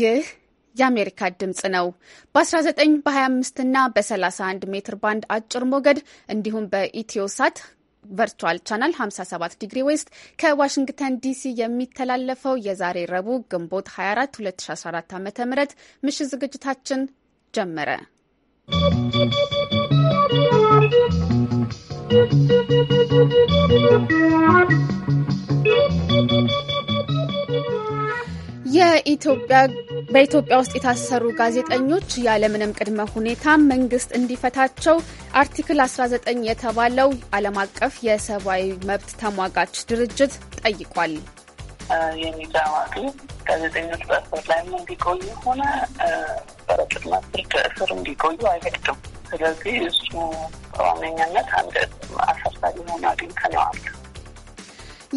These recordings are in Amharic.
ይህ የአሜሪካ ድምፅ ነው። በ19 በ25 እና በ31 ሜትር ባንድ አጭር ሞገድ እንዲሁም በኢትዮሳት ቨርቹዋል ቻናል 57 ዲግሪ ዌስት ከዋሽንግተን ዲሲ የሚተላለፈው የዛሬ ረቡዕ ግንቦት 24 2014 ዓ.ም ምሽት ዝግጅታችን ጀመረ። ¶¶ በኢትዮጵያ ውስጥ የታሰሩ ጋዜጠኞች ያለምንም ቅድመ ሁኔታ መንግስት እንዲፈታቸው አርቲክል 19 የተባለው ዓለም አቀፍ የሰብአዊ መብት ተሟጋች ድርጅት ጠይቋል። የሚዛዋቅ ጋዜጠኞች በእስር ላይ እንዲቆዩ ሆነ በቅድመ ፍርድ እስር እንዲቆዩ አይፈቅድም። ስለዚህ እሱ በዋነኛነት አንድ አሳሳቢ ሆነ አግኝተነዋል።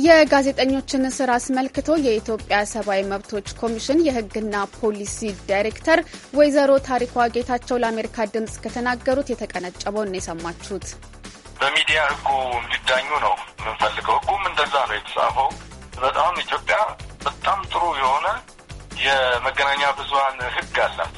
የጋዜጠኞችን እስር አስመልክቶ የኢትዮጵያ ሰብአዊ መብቶች ኮሚሽን የሕግና ፖሊሲ ዳይሬክተር ወይዘሮ ታሪኳ ጌታቸው ለአሜሪካ ድምጽ ከተናገሩት የተቀነጨበውን የሰማችሁት። በሚዲያ ሕጉ እንዲዳኙ ነው የምንፈልገው። ሕጉም እንደዛ ነው የተጻፈው። በጣም ኢትዮጵያ በጣም ጥሩ የሆነ የመገናኛ ብዙሀን ሕግ አላት።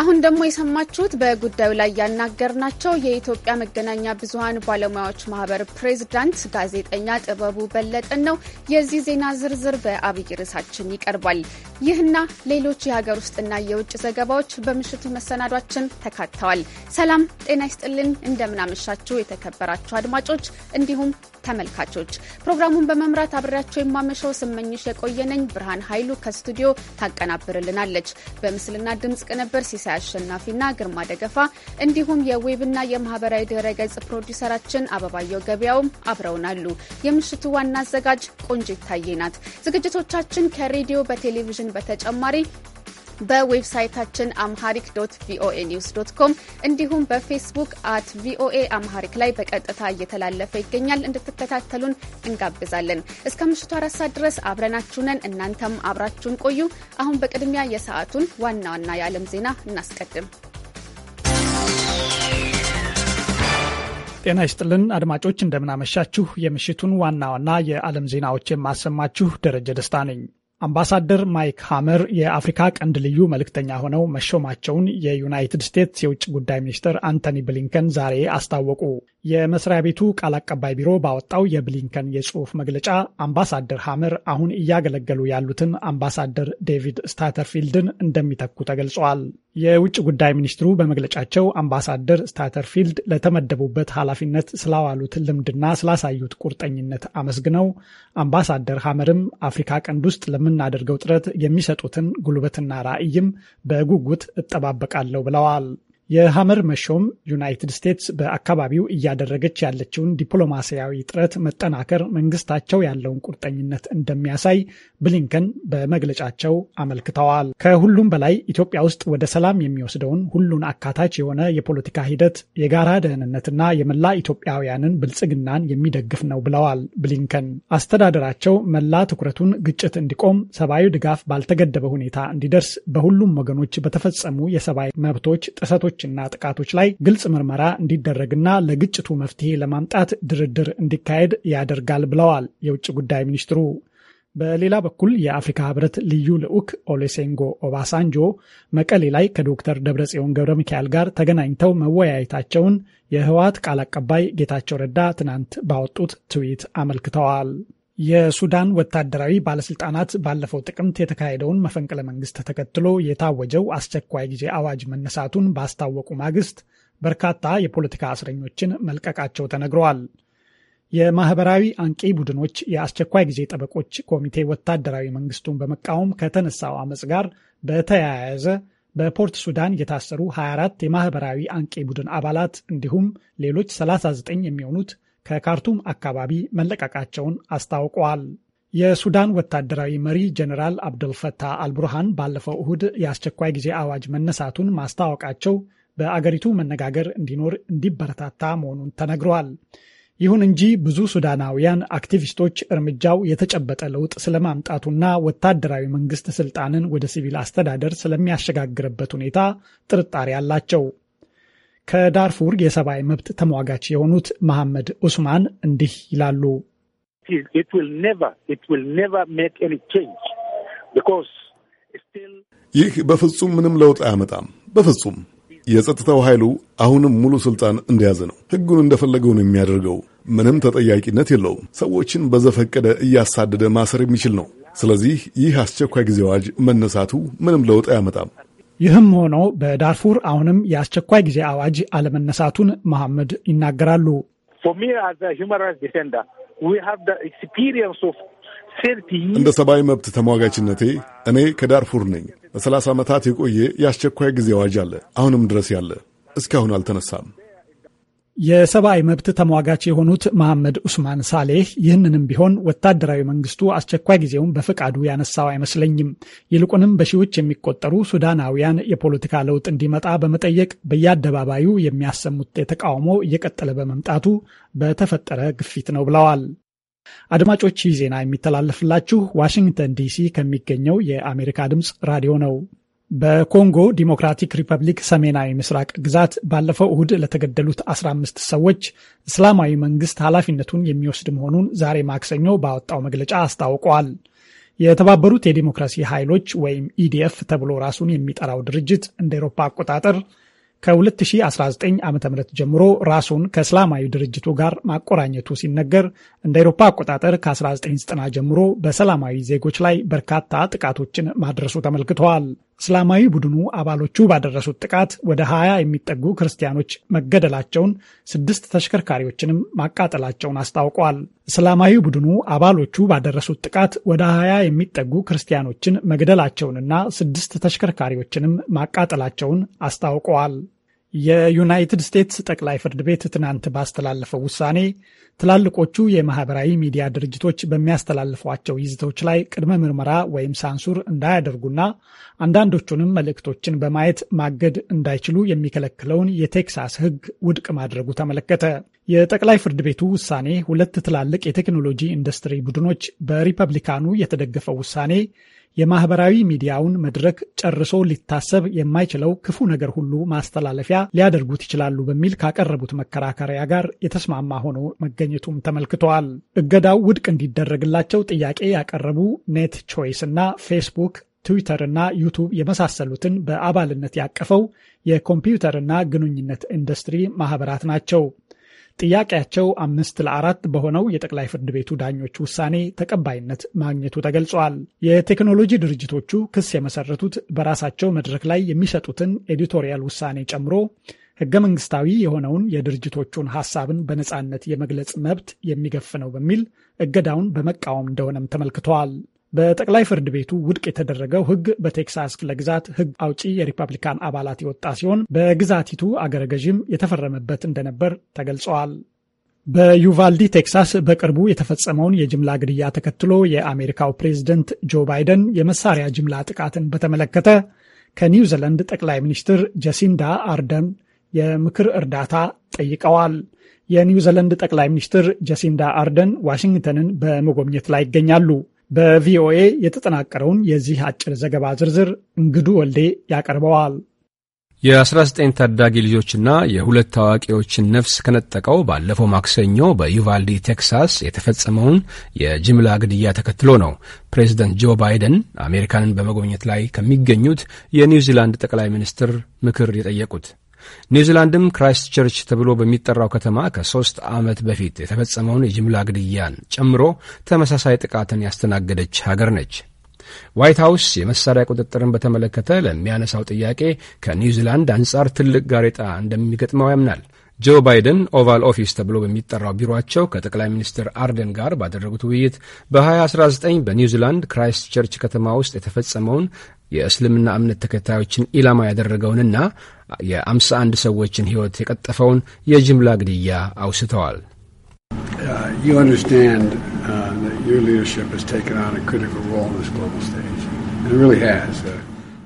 አሁን ደግሞ የሰማችሁት በጉዳዩ ላይ ያናገርናቸው የኢትዮጵያ መገናኛ ብዙኃን ባለሙያዎች ማህበር ፕሬዝዳንት ጋዜጠኛ ጥበቡ በለጠን ነው። የዚህ ዜና ዝርዝር በአብይ ርዕሳችን ይቀርባል። ይህና ሌሎች የሀገር ውስጥና የውጭ ዘገባዎች በምሽቱ መሰናዷችን ተካተዋል። ሰላም ጤና ይስጥልን፣ እንደምናመሻችሁ የተከበራችሁ አድማጮች እንዲሁም ተመልካቾች ፕሮግራሙን በመምራት አብሬያቸው የማመሻው ስመኝሽ የቆየነኝ ብርሃን ኃይሉ ከስቱዲዮ ታቀናብርልናለች። በምስልና ድምጽ ቅንብር ሲሳይ አሸናፊና ግርማ ደገፋ እንዲሁም የዌብና የማህበራዊ ድረገጽ ፕሮዲውሰራችን አበባየው ገበያውም አብረውናሉ። የምሽቱ ዋና አዘጋጅ ቆንጅ ይታየናት። ናት። ዝግጅቶቻችን ከሬዲዮ በቴሌቪዥን በተጨማሪ በዌብሳይታችን አምሃሪክ ዶት ቪኦኤ ኒውስ ዶት ኮም እንዲሁም በፌስቡክ አት ቪኦኤ አምሃሪክ ላይ በቀጥታ እየተላለፈ ይገኛል። እንድትከታተሉን እንጋብዛለን። እስከ ምሽቱ አራት ሰዓት ድረስ አብረናችሁ ነን። እናንተም አብራችሁን ቆዩ። አሁን በቅድሚያ የሰዓቱን ዋና ዋና የዓለም ዜና እናስቀድም። ጤና ይስጥልን አድማጮች፣ እንደምናመሻችሁ። የምሽቱን ዋና ዋና የዓለም ዜናዎች የማሰማችሁ ደረጀ ደስታ ነኝ። አምባሳደር ማይክ ሃመር የአፍሪካ ቀንድ ልዩ መልእክተኛ ሆነው መሾማቸውን የዩናይትድ ስቴትስ የውጭ ጉዳይ ሚኒስትር አንቶኒ ብሊንከን ዛሬ አስታወቁ። የመስሪያ ቤቱ ቃል አቀባይ ቢሮ ባወጣው የብሊንከን የጽሑፍ መግለጫ አምባሳደር ሐመር አሁን እያገለገሉ ያሉትን አምባሳደር ዴቪድ ስታተርፊልድን እንደሚተኩ ተገልጸዋል። የውጭ ጉዳይ ሚኒስትሩ በመግለጫቸው አምባሳደር ስታተርፊልድ ለተመደቡበት ኃላፊነት ስላዋሉት ልምድና ስላሳዩት ቁርጠኝነት አመስግነው አምባሳደር ሐመርም አፍሪካ ቀንድ ውስጥ ለምናደርገው ጥረት የሚሰጡትን ጉልበትና ራዕይም በጉጉት እጠባበቃለሁ ብለዋል። የሐመር መሾም ዩናይትድ ስቴትስ በአካባቢው እያደረገች ያለችውን ዲፕሎማሲያዊ ጥረት መጠናከር መንግስታቸው ያለውን ቁርጠኝነት እንደሚያሳይ ብሊንከን በመግለጫቸው አመልክተዋል። ከሁሉም በላይ ኢትዮጵያ ውስጥ ወደ ሰላም የሚወስደውን ሁሉን አካታች የሆነ የፖለቲካ ሂደት የጋራ ደህንነትና የመላ ኢትዮጵያውያንን ብልጽግናን የሚደግፍ ነው ብለዋል ብሊንከን። አስተዳደራቸው መላ ትኩረቱን ግጭት እንዲቆም፣ ሰብአዊ ድጋፍ ባልተገደበ ሁኔታ እንዲደርስ፣ በሁሉም ወገኖች በተፈጸሙ የሰብአዊ መብቶች ጥሰቶች ጥሰቶችና ጥቃቶች ላይ ግልጽ ምርመራ እንዲደረግና ለግጭቱ መፍትሄ ለማምጣት ድርድር እንዲካሄድ ያደርጋል ብለዋል የውጭ ጉዳይ ሚኒስትሩ። በሌላ በኩል የአፍሪካ ህብረት ልዩ ልዑክ ኦሌሴንጎ ኦባሳንጆ መቀሌ ላይ ከዶክተር ደብረጽዮን ገብረ ሚካኤል ጋር ተገናኝተው መወያየታቸውን የህወሓት ቃል አቀባይ ጌታቸው ረዳ ትናንት ባወጡት ትዊት አመልክተዋል። የሱዳን ወታደራዊ ባለስልጣናት ባለፈው ጥቅምት የተካሄደውን መፈንቅለ መንግስት ተከትሎ የታወጀው አስቸኳይ ጊዜ አዋጅ መነሳቱን ባስታወቁ ማግስት በርካታ የፖለቲካ እስረኞችን መልቀቃቸው ተነግረዋል። የማህበራዊ አንቂ ቡድኖች የአስቸኳይ ጊዜ ጠበቆች ኮሚቴ ወታደራዊ መንግስቱን በመቃወም ከተነሳው አመፅ ጋር በተያያዘ በፖርት ሱዳን የታሰሩ 24 የማህበራዊ አንቂ ቡድን አባላት እንዲሁም ሌሎች 39 የሚሆኑት ከካርቱም አካባቢ መለቀቃቸውን አስታውቀዋል። የሱዳን ወታደራዊ መሪ ጀኔራል አብደልፈታህ አልቡርሃን ባለፈው እሁድ የአስቸኳይ ጊዜ አዋጅ መነሳቱን ማስታወቃቸው በአገሪቱ መነጋገር እንዲኖር እንዲበረታታ መሆኑን ተነግረዋል። ይሁን እንጂ ብዙ ሱዳናውያን አክቲቪስቶች እርምጃው የተጨበጠ ለውጥ ስለማምጣቱና ወታደራዊ መንግስት ስልጣንን ወደ ሲቪል አስተዳደር ስለሚያሸጋግርበት ሁኔታ ጥርጣሬ አላቸው። ከዳርፉር የሰብአዊ መብት ተሟጋች የሆኑት መሐመድ ኡስማን እንዲህ ይላሉ። ይህ በፍጹም ምንም ለውጥ አያመጣም። በፍጹም የጸጥታው ኃይሉ አሁንም ሙሉ ስልጣን እንደያዘ ነው። ህጉን እንደፈለገው ነው የሚያደርገው። ምንም ተጠያቂነት የለውም። ሰዎችን በዘፈቀደ እያሳደደ ማሰር የሚችል ነው። ስለዚህ ይህ አስቸኳይ ጊዜ አዋጅ መነሳቱ ምንም ለውጥ አያመጣም። ይህም ሆኖ በዳርፉር አሁንም የአስቸኳይ ጊዜ አዋጅ አለመነሳቱን መሐመድ ይናገራሉ። እንደ ሰብአዊ መብት ተሟጋችነቴ እኔ ከዳርፉር ነኝ። በሰላሳ ዓመታት የቆየ የአስቸኳይ ጊዜ አዋጅ አለ፣ አሁንም ድረስ ያለ እስካሁን አልተነሳም። የሰብአዊ መብት ተሟጋች የሆኑት መሐመድ ኡስማን ሳሌህ ይህንንም ቢሆን ወታደራዊ መንግስቱ አስቸኳይ ጊዜውን በፈቃዱ ያነሳው አይመስለኝም። ይልቁንም በሺዎች የሚቆጠሩ ሱዳናውያን የፖለቲካ ለውጥ እንዲመጣ በመጠየቅ በየአደባባዩ የሚያሰሙት የተቃውሞ እየቀጠለ በመምጣቱ በተፈጠረ ግፊት ነው ብለዋል። አድማጮች ይህ ዜና የሚተላለፍላችሁ ዋሽንግተን ዲሲ ከሚገኘው የአሜሪካ ድምፅ ራዲዮ ነው። በኮንጎ ዲሞክራቲክ ሪፐብሊክ ሰሜናዊ ምስራቅ ግዛት ባለፈው እሁድ ለተገደሉት 15 ሰዎች እስላማዊ መንግስት ኃላፊነቱን የሚወስድ መሆኑን ዛሬ ማክሰኞ ባወጣው መግለጫ አስታውቀዋል። የተባበሩት የዲሞክራሲ ኃይሎች ወይም ኢዲኤፍ ተብሎ ራሱን የሚጠራው ድርጅት እንደ ኤሮፓ አቆጣጠር ከ2019 ዓ ም ጀምሮ ራሱን ከእስላማዊ ድርጅቱ ጋር ማቆራኘቱ ሲነገር እንደ አውሮፓ አቆጣጠር ከ1990 ጀምሮ በሰላማዊ ዜጎች ላይ በርካታ ጥቃቶችን ማድረሱ ተመልክተዋል። እስላማዊ ቡድኑ አባሎቹ ባደረሱት ጥቃት ወደ 20 የሚጠጉ ክርስቲያኖች መገደላቸውን፣ ስድስት ተሽከርካሪዎችንም ማቃጠላቸውን አስታውቋል። እስላማዊ ቡድኑ አባሎቹ ባደረሱት ጥቃት ወደ ሀያ የሚጠጉ ክርስቲያኖችን መግደላቸውንና ስድስት ተሽከርካሪዎችንም ማቃጠላቸውን አስታውቀዋል። የዩናይትድ ስቴትስ ጠቅላይ ፍርድ ቤት ትናንት ባስተላለፈው ውሳኔ ትላልቆቹ የማህበራዊ ሚዲያ ድርጅቶች በሚያስተላልፏቸው ይዘቶች ላይ ቅድመ ምርመራ ወይም ሳንሱር እንዳያደርጉና አንዳንዶቹንም መልእክቶችን በማየት ማገድ እንዳይችሉ የሚከለክለውን የቴክሳስ ሕግ ውድቅ ማድረጉ ተመለከተ። የጠቅላይ ፍርድ ቤቱ ውሳኔ ሁለት ትላልቅ የቴክኖሎጂ ኢንዱስትሪ ቡድኖች በሪፐብሊካኑ የተደገፈው ውሳኔ የማህበራዊ ሚዲያውን መድረክ ጨርሶ ሊታሰብ የማይችለው ክፉ ነገር ሁሉ ማስተላለፊያ ሊያደርጉት ይችላሉ በሚል ካቀረቡት መከራከሪያ ጋር የተስማማ ሆኖ መገኘቱም ተመልክተዋል። እገዳው ውድቅ እንዲደረግላቸው ጥያቄ ያቀረቡ ኔት ቾይስ እና ፌስቡክ ትዊተር እና ዩቱብ የመሳሰሉትን በአባልነት ያቀፈው የኮምፒውተርና ግንኙነት ኢንዱስትሪ ማህበራት ናቸው። ጥያቄያቸው አምስት ለአራት በሆነው የጠቅላይ ፍርድ ቤቱ ዳኞች ውሳኔ ተቀባይነት ማግኘቱ ተገልጿል። የቴክኖሎጂ ድርጅቶቹ ክስ የመሰረቱት በራሳቸው መድረክ ላይ የሚሰጡትን ኤዲቶሪያል ውሳኔ ጨምሮ ህገ መንግስታዊ የሆነውን የድርጅቶቹን ሀሳብን በነፃነት የመግለጽ መብት የሚገፍ ነው በሚል እገዳውን በመቃወም እንደሆነም ተመልክተዋል። በጠቅላይ ፍርድ ቤቱ ውድቅ የተደረገው ሕግ በቴክሳስ ክፍለ ግዛት ሕግ አውጪ የሪፐብሊካን አባላት የወጣ ሲሆን በግዛቲቱ አገረ ገዥም የተፈረመበት እንደነበር ተገልጸዋል። በዩቫልዲ ቴክሳስ በቅርቡ የተፈጸመውን የጅምላ ግድያ ተከትሎ የአሜሪካው ፕሬዝደንት ጆ ባይደን የመሳሪያ ጅምላ ጥቃትን በተመለከተ ከኒውዚላንድ ጠቅላይ ሚኒስትር ጀሲንዳ አርደን የምክር እርዳታ ጠይቀዋል። የኒውዚላንድ ጠቅላይ ሚኒስትር ጀሲንዳ አርደን ዋሽንግተንን በመጎብኘት ላይ ይገኛሉ። በቪኦኤ የተጠናቀረውን የዚህ አጭር ዘገባ ዝርዝር እንግዱ ወልዴ ያቀርበዋል። የ19 ታዳጊ ልጆችና የሁለት ታዋቂዎችን ነፍስ ከነጠቀው ባለፈው ማክሰኞ በዩቫልዲ ቴክሳስ የተፈጸመውን የጅምላ ግድያ ተከትሎ ነው ፕሬዚደንት ጆ ባይደን አሜሪካንን በመጎብኘት ላይ ከሚገኙት የኒውዚላንድ ጠቅላይ ሚኒስትር ምክር የጠየቁት። ኒውዚላንድም ክራይስት ቸርች ተብሎ በሚጠራው ከተማ ከሶስት ዓመት በፊት የተፈጸመውን የጅምላ ግድያን ጨምሮ ተመሳሳይ ጥቃትን ያስተናገደች ሀገር ነች። ዋይት ሀውስ የመሳሪያ ቁጥጥርን በተመለከተ ለሚያነሳው ጥያቄ ከኒውዚላንድ አንጻር ትልቅ ጋሬጣ እንደሚገጥመው ያምናል። ጆ ባይደን ኦቫል ኦፊስ ተብሎ በሚጠራው ቢሮቸው ከጠቅላይ ሚኒስትር አርደን ጋር ባደረጉት ውይይት በ2019 በኒውዚላንድ ክራይስት ቸርች ከተማ ውስጥ የተፈጸመውን የእስልምና እምነት ተከታዮችን ኢላማ ያደረገውንና የአምሳ አንድ ሰዎችን ሕይወት የቀጠፈውን የጅምላ ግድያ አውስተዋል። uh, uh, uh.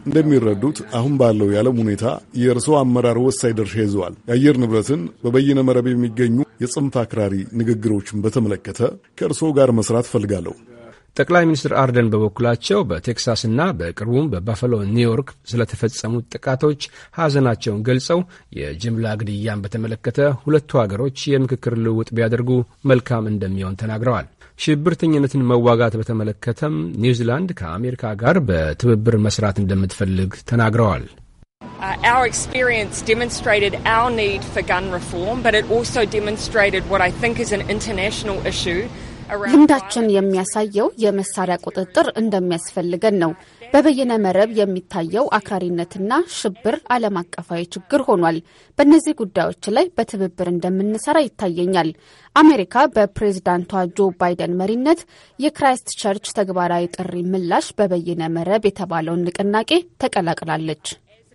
እንደሚረዱት አሁን ባለው የዓለም ሁኔታ የእርስዎ አመራር ወሳኝ ድርሻ ይዘዋል። የአየር ንብረትን በበይነ መረብ የሚገኙ የጽንፍ አክራሪ ንግግሮችን በተመለከተ ከእርስዎ ጋር መስራት ፈልጋለሁ። ጠቅላይ ሚኒስትር አርደን በበኩላቸው በቴክሳስና በቅርቡም በባፈሎ ኒውዮርክ ስለተፈጸሙት ጥቃቶች ሐዘናቸውን ገልጸው የጅምላ ግድያን በተመለከተ ሁለቱ አገሮች የምክክር ልውውጥ ቢያደርጉ መልካም እንደሚሆን ተናግረዋል። ሽብርተኝነትን መዋጋት በተመለከተም ኒውዚላንድ ከአሜሪካ ጋር በትብብር መስራት እንደምትፈልግ ተናግረዋል። uh, our experience demonstrated our need for gun reform, but it also demonstrated what I think is an international issue. ልምዳችን የሚያሳየው የመሳሪያ ቁጥጥር እንደሚያስፈልገን ነው። በበይነ መረብ የሚታየው አክራሪነትና ሽብር ዓለም አቀፋዊ ችግር ሆኗል። በእነዚህ ጉዳዮች ላይ በትብብር እንደምንሰራ ይታየኛል። አሜሪካ በፕሬዝዳንቷ ጆ ባይደን መሪነት የክራይስት ቸርች ተግባራዊ ጥሪ ምላሽ በበይነ መረብ የተባለውን ንቅናቄ ተቀላቅላለች።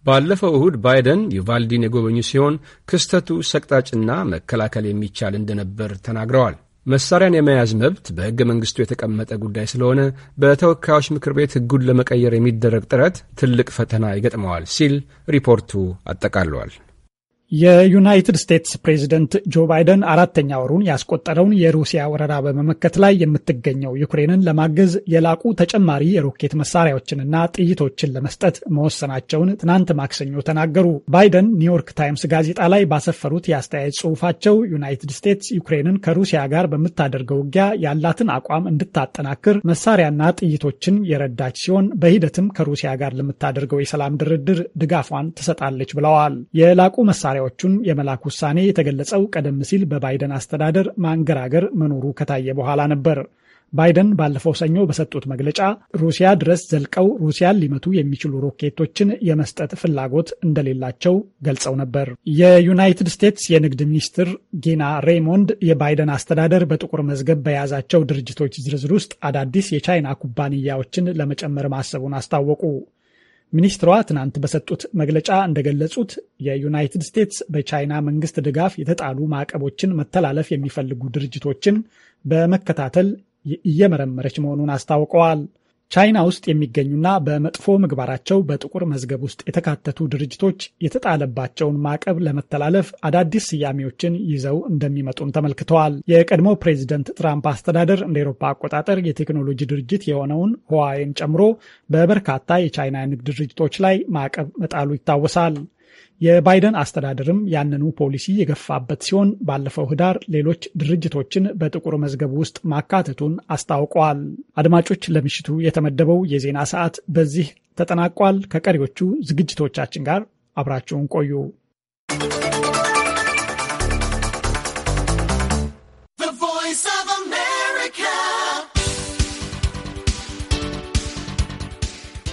ባለፈው እሁድ ባይደን ዩቫልዲን የጎበኙ ሲሆን ክስተቱ ሰቅጣጭና መከላከል የሚቻል እንደነበር ተናግረዋል። መሳሪያን የመያዝ መብት በሕገ መንግሥቱ የተቀመጠ ጉዳይ ስለሆነ በተወካዮች ምክር ቤት ሕጉን ለመቀየር የሚደረግ ጥረት ትልቅ ፈተና ይገጥመዋል ሲል ሪፖርቱ አጠቃለዋል። የዩናይትድ ስቴትስ ፕሬዝደንት ጆ ባይደን አራተኛ ወሩን ያስቆጠረውን የሩሲያ ወረራ በመመከት ላይ የምትገኘው ዩክሬንን ለማገዝ የላቁ ተጨማሪ የሮኬት መሳሪያዎችንና ጥይቶችን ለመስጠት መወሰናቸውን ትናንት ማክሰኞ ተናገሩ። ባይደን ኒውዮርክ ታይምስ ጋዜጣ ላይ ባሰፈሩት የአስተያየት ጽሑፋቸው ዩናይትድ ስቴትስ ዩክሬንን ከሩሲያ ጋር በምታደርገው ውጊያ ያላትን አቋም እንድታጠናክር መሳሪያና ጥይቶችን የረዳች ሲሆን በሂደትም ከሩሲያ ጋር ለምታደርገው የሰላም ድርድር ድጋፏን ትሰጣለች ብለዋል። የላቁ መሳሪያ መሳሪያዎቹን የመላክ ውሳኔ የተገለጸው ቀደም ሲል በባይደን አስተዳደር ማንገራገር መኖሩ ከታየ በኋላ ነበር። ባይደን ባለፈው ሰኞ በሰጡት መግለጫ ሩሲያ ድረስ ዘልቀው ሩሲያን ሊመቱ የሚችሉ ሮኬቶችን የመስጠት ፍላጎት እንደሌላቸው ገልጸው ነበር። የዩናይትድ ስቴትስ የንግድ ሚኒስትር ጌና ሬይሞንድ የባይደን አስተዳደር በጥቁር መዝገብ በያዛቸው ድርጅቶች ዝርዝር ውስጥ አዳዲስ የቻይና ኩባንያዎችን ለመጨመር ማሰቡን አስታወቁ። ሚኒስትሯ ትናንት በሰጡት መግለጫ እንደገለጹት የዩናይትድ ስቴትስ በቻይና መንግስት ድጋፍ የተጣሉ ማዕቀቦችን መተላለፍ የሚፈልጉ ድርጅቶችን በመከታተል እየመረመረች መሆኑን አስታውቀዋል። ቻይና ውስጥ የሚገኙና በመጥፎ ምግባራቸው በጥቁር መዝገብ ውስጥ የተካተቱ ድርጅቶች የተጣለባቸውን ማዕቀብ ለመተላለፍ አዳዲስ ስያሜዎችን ይዘው እንደሚመጡም ተመልክተዋል። የቀድሞ ፕሬዚደንት ትራምፕ አስተዳደር እንደ ኤሮፓ አቆጣጠር የቴክኖሎጂ ድርጅት የሆነውን ህዋዌን ጨምሮ በበርካታ የቻይና ንግድ ድርጅቶች ላይ ማዕቀብ መጣሉ ይታወሳል። የባይደን አስተዳደርም ያንኑ ፖሊሲ የገፋበት ሲሆን ባለፈው ህዳር ሌሎች ድርጅቶችን በጥቁር መዝገብ ውስጥ ማካተቱን አስታውቋል። አድማጮች፣ ለምሽቱ የተመደበው የዜና ሰዓት በዚህ ተጠናቋል። ከቀሪዎቹ ዝግጅቶቻችን ጋር አብራችሁን ቆዩ።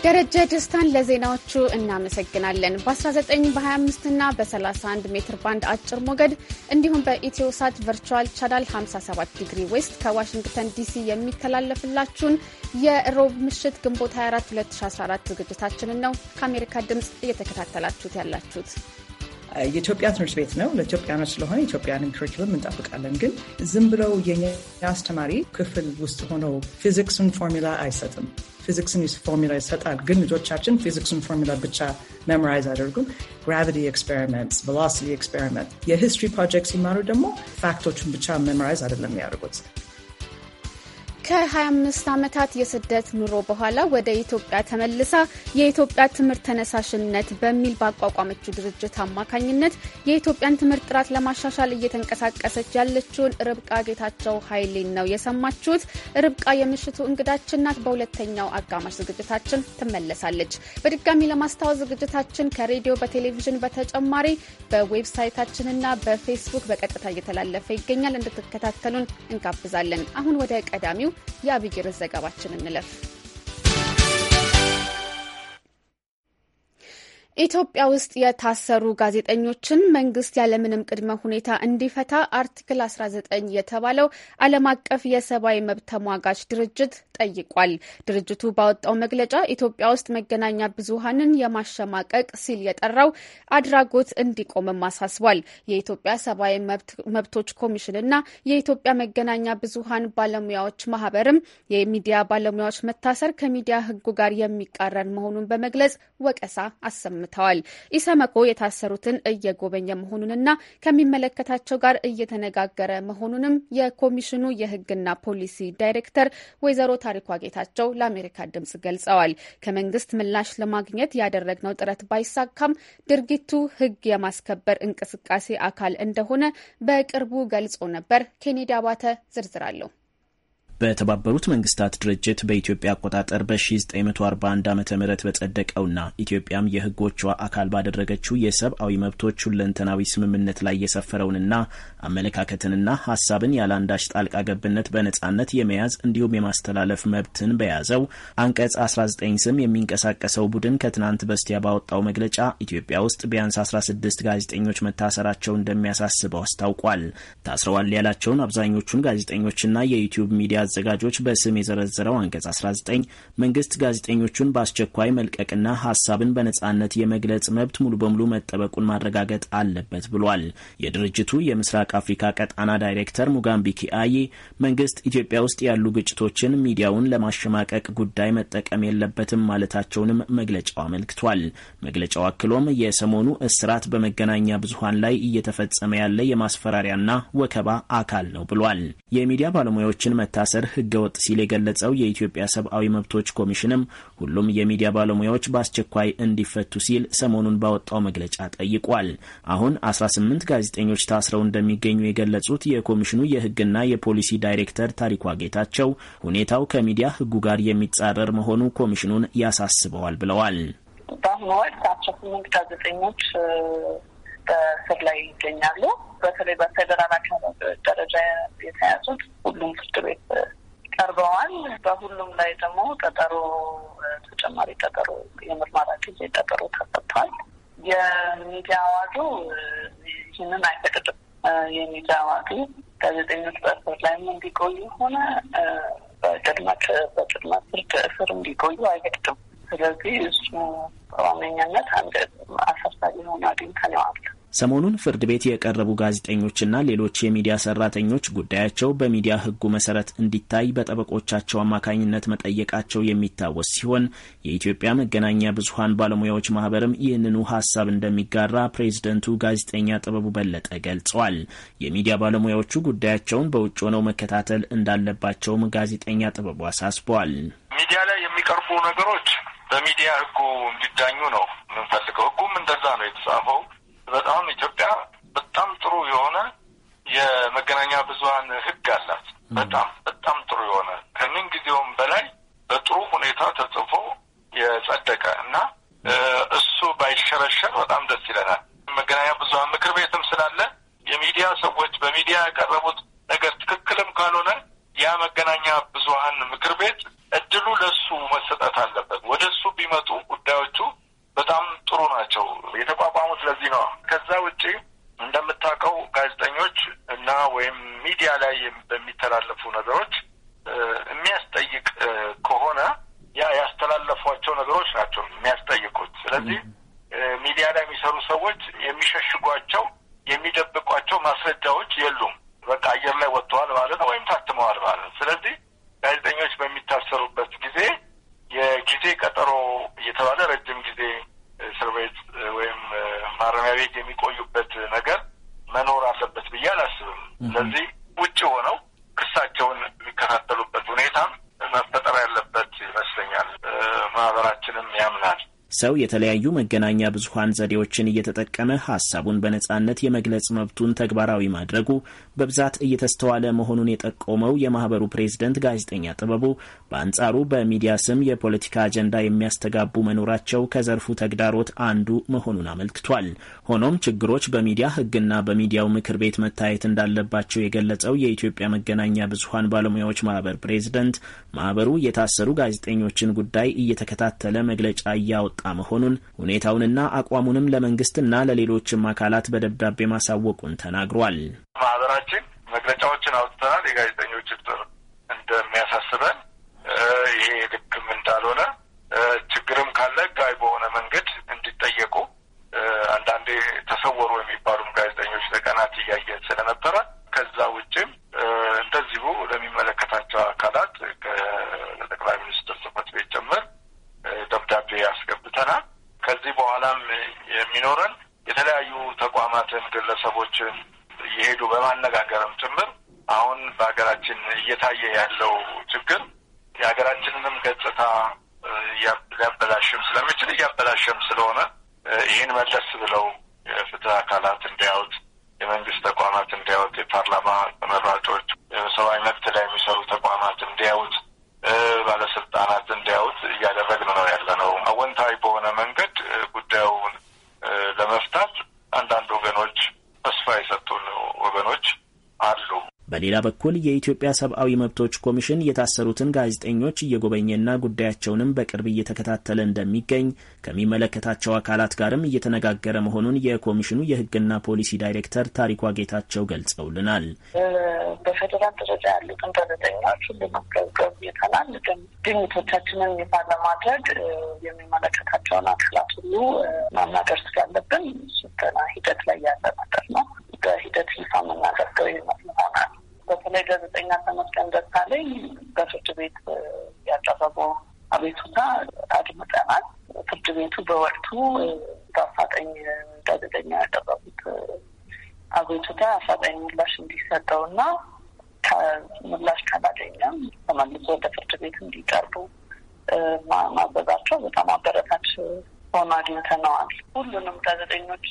ደረጀ ደስታን ለዜናዎቹ እናመሰግናለን። በ19 25 እና በ31 ሜትር ባንድ አጭር ሞገድ እንዲሁም በኢትዮሳት ቨርቹዋል ቻናል 57 ዲግሪ ዌስት ከዋሽንግተን ዲሲ የሚተላለፍላችሁን የሮብ ምሽት ግንቦት 24 2014 ዝግጅታችንን ነው ከአሜሪካ ድምፅ እየተከታተላችሁት ያላችሁት። የኢትዮጵያ ትምህርት ቤት ነው ለኢትዮጵያኖች ስለሆነ ኢትዮጵያንን ክሪኩለም እንጠብቃለን። ግን ዝም ብለው የኛ አስተማሪ ክፍል ውስጥ ሆነው ፊዚክስን ፎርሚላ አይሰጥም። ፊዚክስን ፎርሚላ ይሰጣል፣ ግን ልጆቻችን ፊዚክስን ፎርሚላ ብቻ ሜሞራይዝ አደርጉም። ግራቪቲ ኤክስፔሪመንት፣ ቬሎሲቲ ኤክስፔሪመንት፣ የሂስትሪ ፕሮጀክት ሲማሩ ደግሞ ፋክቶቹን ብቻ ሜሞራይዝ አይደለም ያደርጉት ከ25 ዓመታት የስደት ኑሮ በኋላ ወደ ኢትዮጵያ ተመልሳ የኢትዮጵያ ትምህርት ተነሳሽነት በሚል ባቋቋመችው ድርጅት አማካኝነት የኢትዮጵያን ትምህርት ጥራት ለማሻሻል እየተንቀሳቀሰች ያለችውን ርብቃ ጌታቸው ኃይሌን ነው የሰማችሁት። ርብቃ የምሽቱ እንግዳችን ናት። በሁለተኛው አጋማሽ ዝግጅታችን ትመለሳለች። በድጋሚ ለማስታወስ ዝግጅታችን ከሬዲዮ በቴሌቪዥን በተጨማሪ በዌብሳይታችንና በፌስቡክ በቀጥታ እየተላለፈ ይገኛል። እንድትከታተሉን እንጋብዛለን። አሁን ወደ ቀዳሚው የአብይ ርዕስ ዘገባችን እንለፍ። ኢትዮጵያ ውስጥ የታሰሩ ጋዜጠኞችን መንግስት ያለምንም ቅድመ ሁኔታ እንዲፈታ አርቲክል 19 የተባለው ዓለም አቀፍ የሰብአዊ መብት ተሟጋች ድርጅት ጠይቋል። ድርጅቱ ባወጣው መግለጫ ኢትዮጵያ ውስጥ መገናኛ ብዙሃንን የማሸማቀቅ ሲል የጠራው አድራጎት እንዲቆምም አሳስቧል። የኢትዮጵያ ሰብአዊ መብቶች ኮሚሽን እና የኢትዮጵያ መገናኛ ብዙሃን ባለሙያዎች ማህበርም የሚዲያ ባለሙያዎች መታሰር ከሚዲያ ህጉ ጋር የሚቃረን መሆኑን በመግለጽ ወቀሳ አሰምቷል። አሰምተዋል። ኢሰመኮ የታሰሩትን እየጎበኘ መሆኑንና ከሚመለከታቸው ጋር እየተነጋገረ መሆኑንም የኮሚሽኑ የህግና ፖሊሲ ዳይሬክተር ወይዘሮ ታሪኳ ጌታቸው ለአሜሪካ ድምጽ ገልጸዋል። ከመንግስት ምላሽ ለማግኘት ያደረግነው ጥረት ባይሳካም ድርጊቱ ህግ የማስከበር እንቅስቃሴ አካል እንደሆነ በቅርቡ ገልጾ ነበር። ኬኔዲ አባተ ዝርዝራለሁ። በተባበሩት መንግስታት ድርጅት በኢትዮጵያ አቆጣጠር በ1941 ዓ ም በጸደቀውና ኢትዮጵያም የህጎቿ አካል ባደረገችው የሰብአዊ መብቶች ሁለንተናዊ ስምምነት ላይ የሰፈረውንና አመለካከትንና ሀሳብን ያለአንዳች ጣልቃ ገብነት በነጻነት የመያዝ እንዲሁም የማስተላለፍ መብትን በያዘው አንቀጽ 19 ስም የሚንቀሳቀሰው ቡድን ከትናንት በስቲያ ባወጣው መግለጫ ኢትዮጵያ ውስጥ ቢያንስ 16 ጋዜጠኞች መታሰራቸው እንደሚያሳስበው አስታውቋል። ታስረዋል ያላቸውን አብዛኞቹን ጋዜጠኞችና የዩቲዩብ ሚዲያ አዘጋጆች በስም የዘረዘረው አንቀጽ 19 መንግስት ጋዜጠኞቹን በአስቸኳይ መልቀቅና ሀሳብን በነጻነት የመግለጽ መብት ሙሉ በሙሉ መጠበቁን ማረጋገጥ አለበት ብሏል። የድርጅቱ የምስራቅ አፍሪካ ቀጣና ዳይሬክተር ሙጋምቢኪ አይ መንግስት ኢትዮጵያ ውስጥ ያሉ ግጭቶችን ሚዲያውን ለማሸማቀቅ ጉዳይ መጠቀም የለበትም ማለታቸውንም መግለጫው አመልክቷል። መግለጫው አክሎም የሰሞኑ እስራት በመገናኛ ብዙሀን ላይ እየተፈጸመ ያለ የማስፈራሪያና ወከባ አካል ነው ብሏል። የሚዲያ ባለሙያዎችን መታሰ ማሰር ህገወጥ ሲል የገለጸው የኢትዮጵያ ሰብአዊ መብቶች ኮሚሽንም ሁሉም የሚዲያ ባለሙያዎች በአስቸኳይ እንዲፈቱ ሲል ሰሞኑን ባወጣው መግለጫ ጠይቋል። አሁን 18 ጋዜጠኞች ታስረው እንደሚገኙ የገለጹት የኮሚሽኑ የህግና የፖሊሲ ዳይሬክተር ታሪኳ ጌታቸው ሁኔታው ከሚዲያ ህጉ ጋር የሚጻረር መሆኑ ኮሚሽኑን ያሳስበዋል ብለዋል። በአሁኑ ወቅት አስራ ስምንት ጋዜጠኞች በስር ላይ ይገኛሉ። በተለይ በፌዴራል አካባቢ ደረጃ የተያዙት ሁሉም ፍርድ ቤት ቀርበዋል። በሁሉም ላይ ደግሞ ቀጠሮ ተጨማሪ ቀጠሮ የምርመራ ጊዜ ቀጠሮ ተሰጥቷል። የሚዲያ አዋጁ ይህንን አይፈቅድም። የሚዲያ አዋጁ ጋዜጠኞች በእስር ላይም እንዲቆዩ ሆነ በቅድመት በቅድመት ፍርድ እስር እንዲቆዩ አይፈቅድም። ስለዚህ እሱ በዋነኛነት አንድ አሳሳቢ የሆነ አግኝተነዋል። ሰሞኑን ፍርድ ቤት የቀረቡ ጋዜጠኞችና ሌሎች የሚዲያ ሰራተኞች ጉዳያቸው በሚዲያ ሕጉ መሰረት እንዲታይ በጠበቆቻቸው አማካኝነት መጠየቃቸው የሚታወስ ሲሆን የኢትዮጵያ መገናኛ ብዙሀን ባለሙያዎች ማህበርም ይህንኑ ሀሳብ እንደሚጋራ ፕሬዝደንቱ ጋዜጠኛ ጥበቡ በለጠ ገልጸዋል። የሚዲያ ባለሙያዎቹ ጉዳያቸውን በውጭ ሆነው መከታተል እንዳለባቸውም ጋዜጠኛ ጥበቡ አሳስበዋል። ሚዲያ ላይ የሚቀርቡ ነገሮች በሚዲያ ሕጉ እንዲዳኙ ነው የምንፈልገው። ሕጉም እንደዛ ነው የተጻፈው በጣም ኢትዮጵያ በጣም ጥሩ የሆነ የመገናኛ ብዙሀን ህግ አላት። በጣም በጣም ጥሩ የሆነ ከምን ጊዜውም በላይ በጥሩ ሁኔታ ተጽፎ የጸደቀ እና እሱ ባይሸረሸር በጣም ደስ ይለናል። መገናኛ ብዙሀን ምክር ቤትም ስላለ የሚዲያ ሰዎች በሚዲያ ያቀረቡት ነገር ትክክልም ካልሆነ ያ መገናኛ ብዙሀን ምክር ቤት እድሉ ለሱ መሰጠት አለበት። ወደ እሱ ቢመጡ ጉዳዮቹ በጣም ጥሩ ናቸው የተቋቋሙት። ለዚህ ነው። ከዛ ውጪ እንደምታውቀው ጋዜጠኞች እና ወይም ሚዲያ ላይ በሚተላለፉ ነገሮች የሚያስጠይቅ ከሆነ ያ ያስተላለፏቸው ነገሮች ናቸው የሚያስጠይቁት። ስለዚህ ሚዲያ ላይ የሚሰሩ ሰዎች የሚሸሽጓቸው የሚደብቋቸው ማስረጃዎች የሉም። በቃ አየር ላይ ወጥተዋል ማለት ነው ወይም ታትመዋል ማለት ነው። ስለዚህ ጋዜጠኞች በሚታሰሩበት ጊዜ የጊዜ ቀጠሮ እየተባለ ረጅም ጊዜ እስር ቤት ወይም ማረሚያ ቤት የሚቆዩበት ነገር መኖር አለበት ብዬ አላስብም። ስለዚህ ውጭ ሆነው ክሳቸውን የሚከታተሉበት ሁኔታም መፈጠር ያለበት ይመስለኛል። ማህበራችንም ያምናል። ሰው የተለያዩ መገናኛ ብዙሀን ዘዴዎችን እየተጠቀመ ሀሳቡን በነጻነት የመግለጽ መብቱን ተግባራዊ ማድረጉ በብዛት እየተስተዋለ መሆኑን የጠቆመው የማህበሩ ፕሬዝደንት ጋዜጠኛ ጥበቡ በአንጻሩ በሚዲያ ስም የፖለቲካ አጀንዳ የሚያስተጋቡ መኖራቸው ከዘርፉ ተግዳሮት አንዱ መሆኑን አመልክቷል። ሆኖም ችግሮች በሚዲያ ህግና በሚዲያው ምክር ቤት መታየት እንዳለባቸው የገለጸው የኢትዮጵያ መገናኛ ብዙሀን ባለሙያዎች ማህበር ፕሬዝደንት ማህበሩ የታሰሩ ጋዜጠኞችን ጉዳይ እየተከታተለ መግለጫ እያወጡ እየወጣ መሆኑን ሁኔታውንና አቋሙንም ለመንግስትና ለሌሎችም አካላት በደብዳቤ ማሳወቁን ተናግሯል። ማህበራችን መግለጫዎችን አውጥተናል። የጋዜጠኞች ቁጥር እንደሚያሳስበን ይሄ ልክም እንዳልሆነ ችግርም ካለ ህጋዊ በሆነ መንገድ እንዲጠየቁ አንዳንዴ ተሰወሩ የሚባሉም ጋዜጠኞች ለቀናት እያየን ስለነበረ ከዛ ውጭም እንደዚሁ ለሚመለከታቸው አካላት ከጠቅላይ ሚኒስትር ጽፈት ቤት ጭምር ደብዳቤ ያስገብተናል። ከዚህ በኋላም የሚኖረን የተለያዩ ተቋማትን፣ ግለሰቦችን እየሄዱ በማነጋገርም ጭምር አሁን በሀገራችን እየታየ ያለው ችግር የሀገራችንንም ገጽታ ሊያበላሽም ስለሚችል እያበላሸም ስለሆነ ይህን መለስ ብለው የፍትህ አካላት እንዲያዩት፣ የመንግስት ተቋማት እንዲያዩት፣ የፓርላማ ተመራጮች፣ የሰብአዊ መብት ላይ የሚሰሩ ተቋማት እንዲያዩት ባለስልጣናት እንዲያዩት እያደረግን ነው ያለ ነው። አወንታ በሌላ በኩል የኢትዮጵያ ሰብአዊ መብቶች ኮሚሽን የታሰሩትን ጋዜጠኞች እየጎበኘና ጉዳያቸውንም በቅርብ እየተከታተለ እንደሚገኝ ከሚመለከታቸው አካላት ጋርም እየተነጋገረ መሆኑን የኮሚሽኑ የሕግና ፖሊሲ ዳይሬክተር ታሪኳ ጌታቸው ገልጸውልናል። በፌደራል ደረጃ ያሉትን ጋዜጠኞች ለማስገብገብ ይተናል። ግኝቶቻችንን ይፋ ለማድረግ የሚመለከታቸውን አካላት ሁሉ ማናገር ስላለብን ስልጠና ሂደት ላይ ያለ ነገር ነው። በሂደት ይፋ የምናደርገው ይሆናል። በተለይ ጋዜጠኛ ተመስገን ደሳለኝ በፍርድ ቤት ያቀረበው አቤቱታ አድምጠናል። ፍርድ ቤቱ በወቅቱ በአፋጠኝ ጋዜጠኛ ያቀረቡት አቤቱታ አፋጣኝ ምላሽ እንዲሰጠውና ምላሽ ካላገኘም ተመልሶ ወደ ፍርድ ቤት እንዲቀርቡ ማዘዛቸው በጣም አበረታች ሆኖ አግኝተነዋል። ሁሉንም ጋዜጠኞች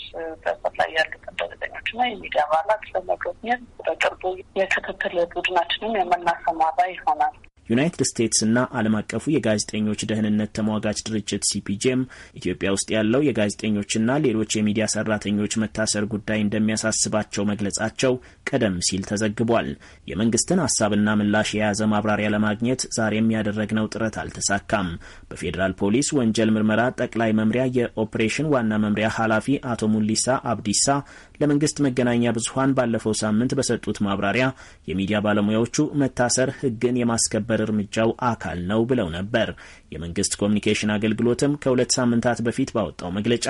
በእስር ላይ ያሉትን ጋዜጠኞች እና የሚዲያ አባላት ለመጎብኘት በቅርቡ የክትትል ቡድናችንም የምናሰማራ ይሆናል። ዩናይትድ ስቴትስና ዓለም አቀፉ የጋዜጠኞች ደህንነት ተሟጋች ድርጅት ሲፒጄም ኢትዮጵያ ውስጥ ያለው የጋዜጠኞችና ሌሎች የሚዲያ ሰራተኞች መታሰር ጉዳይ እንደሚያሳስባቸው መግለጻቸው ቀደም ሲል ተዘግቧል። የመንግስትን ሀሳብና ምላሽ የያዘ ማብራሪያ ለማግኘት ዛሬም ያደረግነው ጥረት አልተሳካም። በፌዴራል ፖሊስ ወንጀል ምርመራ ጠቅላይ መምሪያ የኦፕሬሽን ዋና መምሪያ ኃላፊ አቶ ሙሊሳ አብዲሳ ለመንግስት መገናኛ ብዙሀን ባለፈው ሳምንት በሰጡት ማብራሪያ የሚዲያ ባለሙያዎቹ መታሰር ህግን የማስከበር እርምጃው አካል ነው ብለው ነበር። የመንግስት ኮሚኒኬሽን አገልግሎትም ከሁለት ሳምንታት በፊት ባወጣው መግለጫ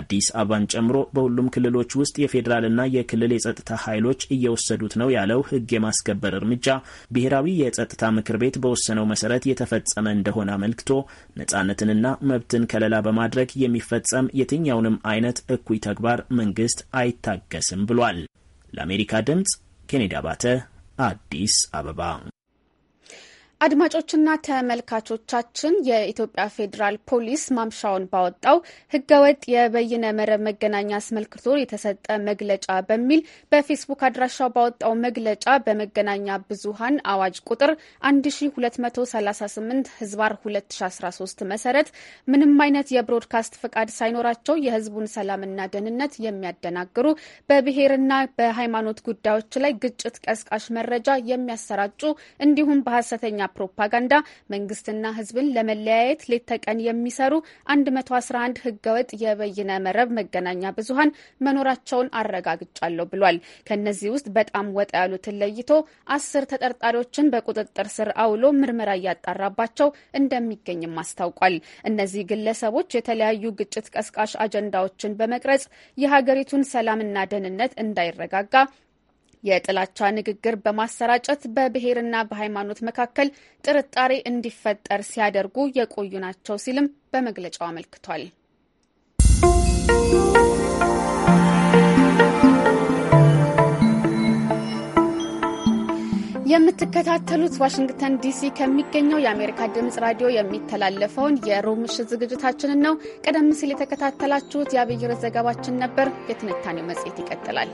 አዲስ አበባን ጨምሮ በሁሉም ክልሎች ውስጥ የፌዴራልና የክልል የጸጥታ ኃይሎች እየወሰዱት ነው ያለው ህግ የማስከበር እርምጃ ብሔራዊ የጸጥታ ምክር ቤት በወሰነው መሰረት የተፈጸመ እንደሆነ አመልክቶ ነጻነትንና መብትን ከለላ በማድረግ የሚፈጸም የትኛውንም አይነት እኩይ ተግባር መንግስት አይታገስም ብሏል። ለአሜሪካ ድምጽ ኬኔዲ አባተ አዲስ አበባ አድማጮችና ተመልካቾቻችን የኢትዮጵያ ፌዴራል ፖሊስ ማምሻውን ባወጣው ህገወጥ የበይነ መረብ መገናኛ አስመልክቶ የተሰጠ መግለጫ በሚል በፌስቡክ አድራሻው ባወጣው መግለጫ በመገናኛ ብዙሃን አዋጅ ቁጥር 1238 ህዝባር 2013 መሰረት ምንም አይነት የብሮድካስት ፍቃድ ሳይኖራቸው የህዝቡን ሰላምና ደህንነት የሚያደናግሩ በብሔርና በሃይማኖት ጉዳዮች ላይ ግጭት ቀስቃሽ መረጃ የሚያሰራጩ እንዲሁም በሀሰተኛ ፕሮፓጋንዳ መንግስትና ህዝብን ለመለያየት ሌት ተቀን የሚሰሩ 111 ህገወጥ የበይነ መረብ መገናኛ ብዙሀን መኖራቸውን አረጋግጫለሁ ብሏል። ከእነዚህ ውስጥ በጣም ወጣ ያሉትን ለይቶ አስር ተጠርጣሪዎችን በቁጥጥር ስር አውሎ ምርመራ እያጣራባቸው እንደሚገኝም አስታውቋል። እነዚህ ግለሰቦች የተለያዩ ግጭት ቀስቃሽ አጀንዳዎችን በመቅረጽ የሀገሪቱን ሰላምና ደህንነት እንዳይረጋጋ የጥላቻ ንግግር በማሰራጨት በብሔርና በሃይማኖት መካከል ጥርጣሬ እንዲፈጠር ሲያደርጉ የቆዩ ናቸው ሲልም በመግለጫው አመልክቷል። የምትከታተሉት ዋሽንግተን ዲሲ ከሚገኘው የአሜሪካ ድምጽ ራዲዮ የሚተላለፈውን የሮብ ምሽት ዝግጅታችንን ነው። ቀደም ሲል የተከታተላችሁት የአብይር ዘገባችን ነበር። የትንታኔው መጽሔት ይቀጥላል።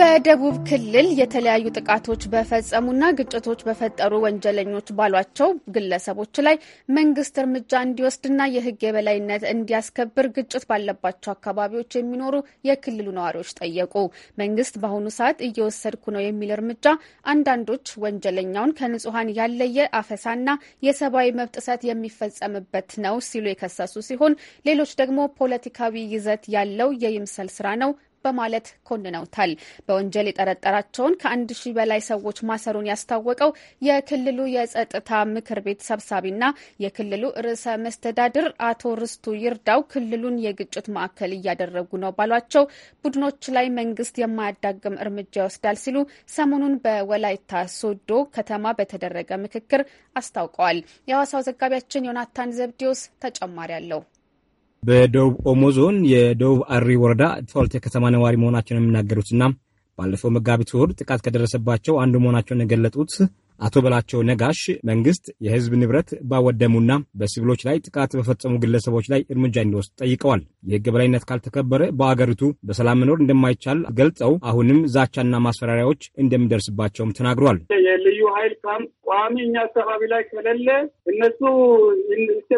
በደቡብ ክልል የተለያዩ ጥቃቶች በፈጸሙና ግጭቶች በፈጠሩ ወንጀለኞች ባሏቸው ግለሰቦች ላይ መንግስት እርምጃ እንዲወስድና የህግ የበላይነት እንዲያስከብር ግጭት ባለባቸው አካባቢዎች የሚኖሩ የክልሉ ነዋሪዎች ጠየቁ። መንግስት በአሁኑ ሰዓት እየወሰድኩ ነው የሚል እርምጃ አንዳንዶች ወንጀለኛውን ከንጹሐን ያለየ አፈሳና የሰብአዊ መብት ጥሰት የሚፈጸምበት ነው ሲሉ የከሰሱ ሲሆን ሌሎች ደግሞ ፖለቲካዊ ይዘት ያለው የይምሰል ስራ ነው በማለት ኮንነውታል። በወንጀል የጠረጠራቸውን ከአንድ ሺህ በላይ ሰዎች ማሰሩን ያስታወቀው የክልሉ የጸጥታ ምክር ቤት ሰብሳቢና የክልሉ ርዕሰ መስተዳድር አቶ ርስቱ ይርዳው ክልሉን የግጭት ማዕከል እያደረጉ ነው ባሏቸው ቡድኖች ላይ መንግስት የማያዳግም እርምጃ ይወስዳል ሲሉ ሰሞኑን በወላይታ ሶዶ ከተማ በተደረገ ምክክር አስታውቀዋል። የሐዋሳው ዘጋቢያችን ዮናታን ዘብዲዮስ ተጨማሪ አለው። በደቡብ ኦሞ ዞን የደቡብ አሪ ወረዳ ቶልቴ ከተማ ነዋሪ መሆናቸውን የሚናገሩትና ባለፈው መጋቢት ወር ጥቃት ከደረሰባቸው አንዱ መሆናቸውን የገለጡት አቶ በላቸው ነጋሽ መንግስት የህዝብ ንብረት ባወደሙና በሲቪሎች ላይ ጥቃት በፈጸሙ ግለሰቦች ላይ እርምጃ እንዲወስድ ጠይቀዋል። የህግ በላይነት ካልተከበረ በአገሪቱ በሰላም መኖር እንደማይቻል ገልጸው አሁንም ዛቻና ማስፈራሪያዎች እንደሚደርስባቸውም ተናግሯል። የልዩ ኃይል ካምፕ ቋሚ እኛ አካባቢ ላይ ከሌለ እነሱ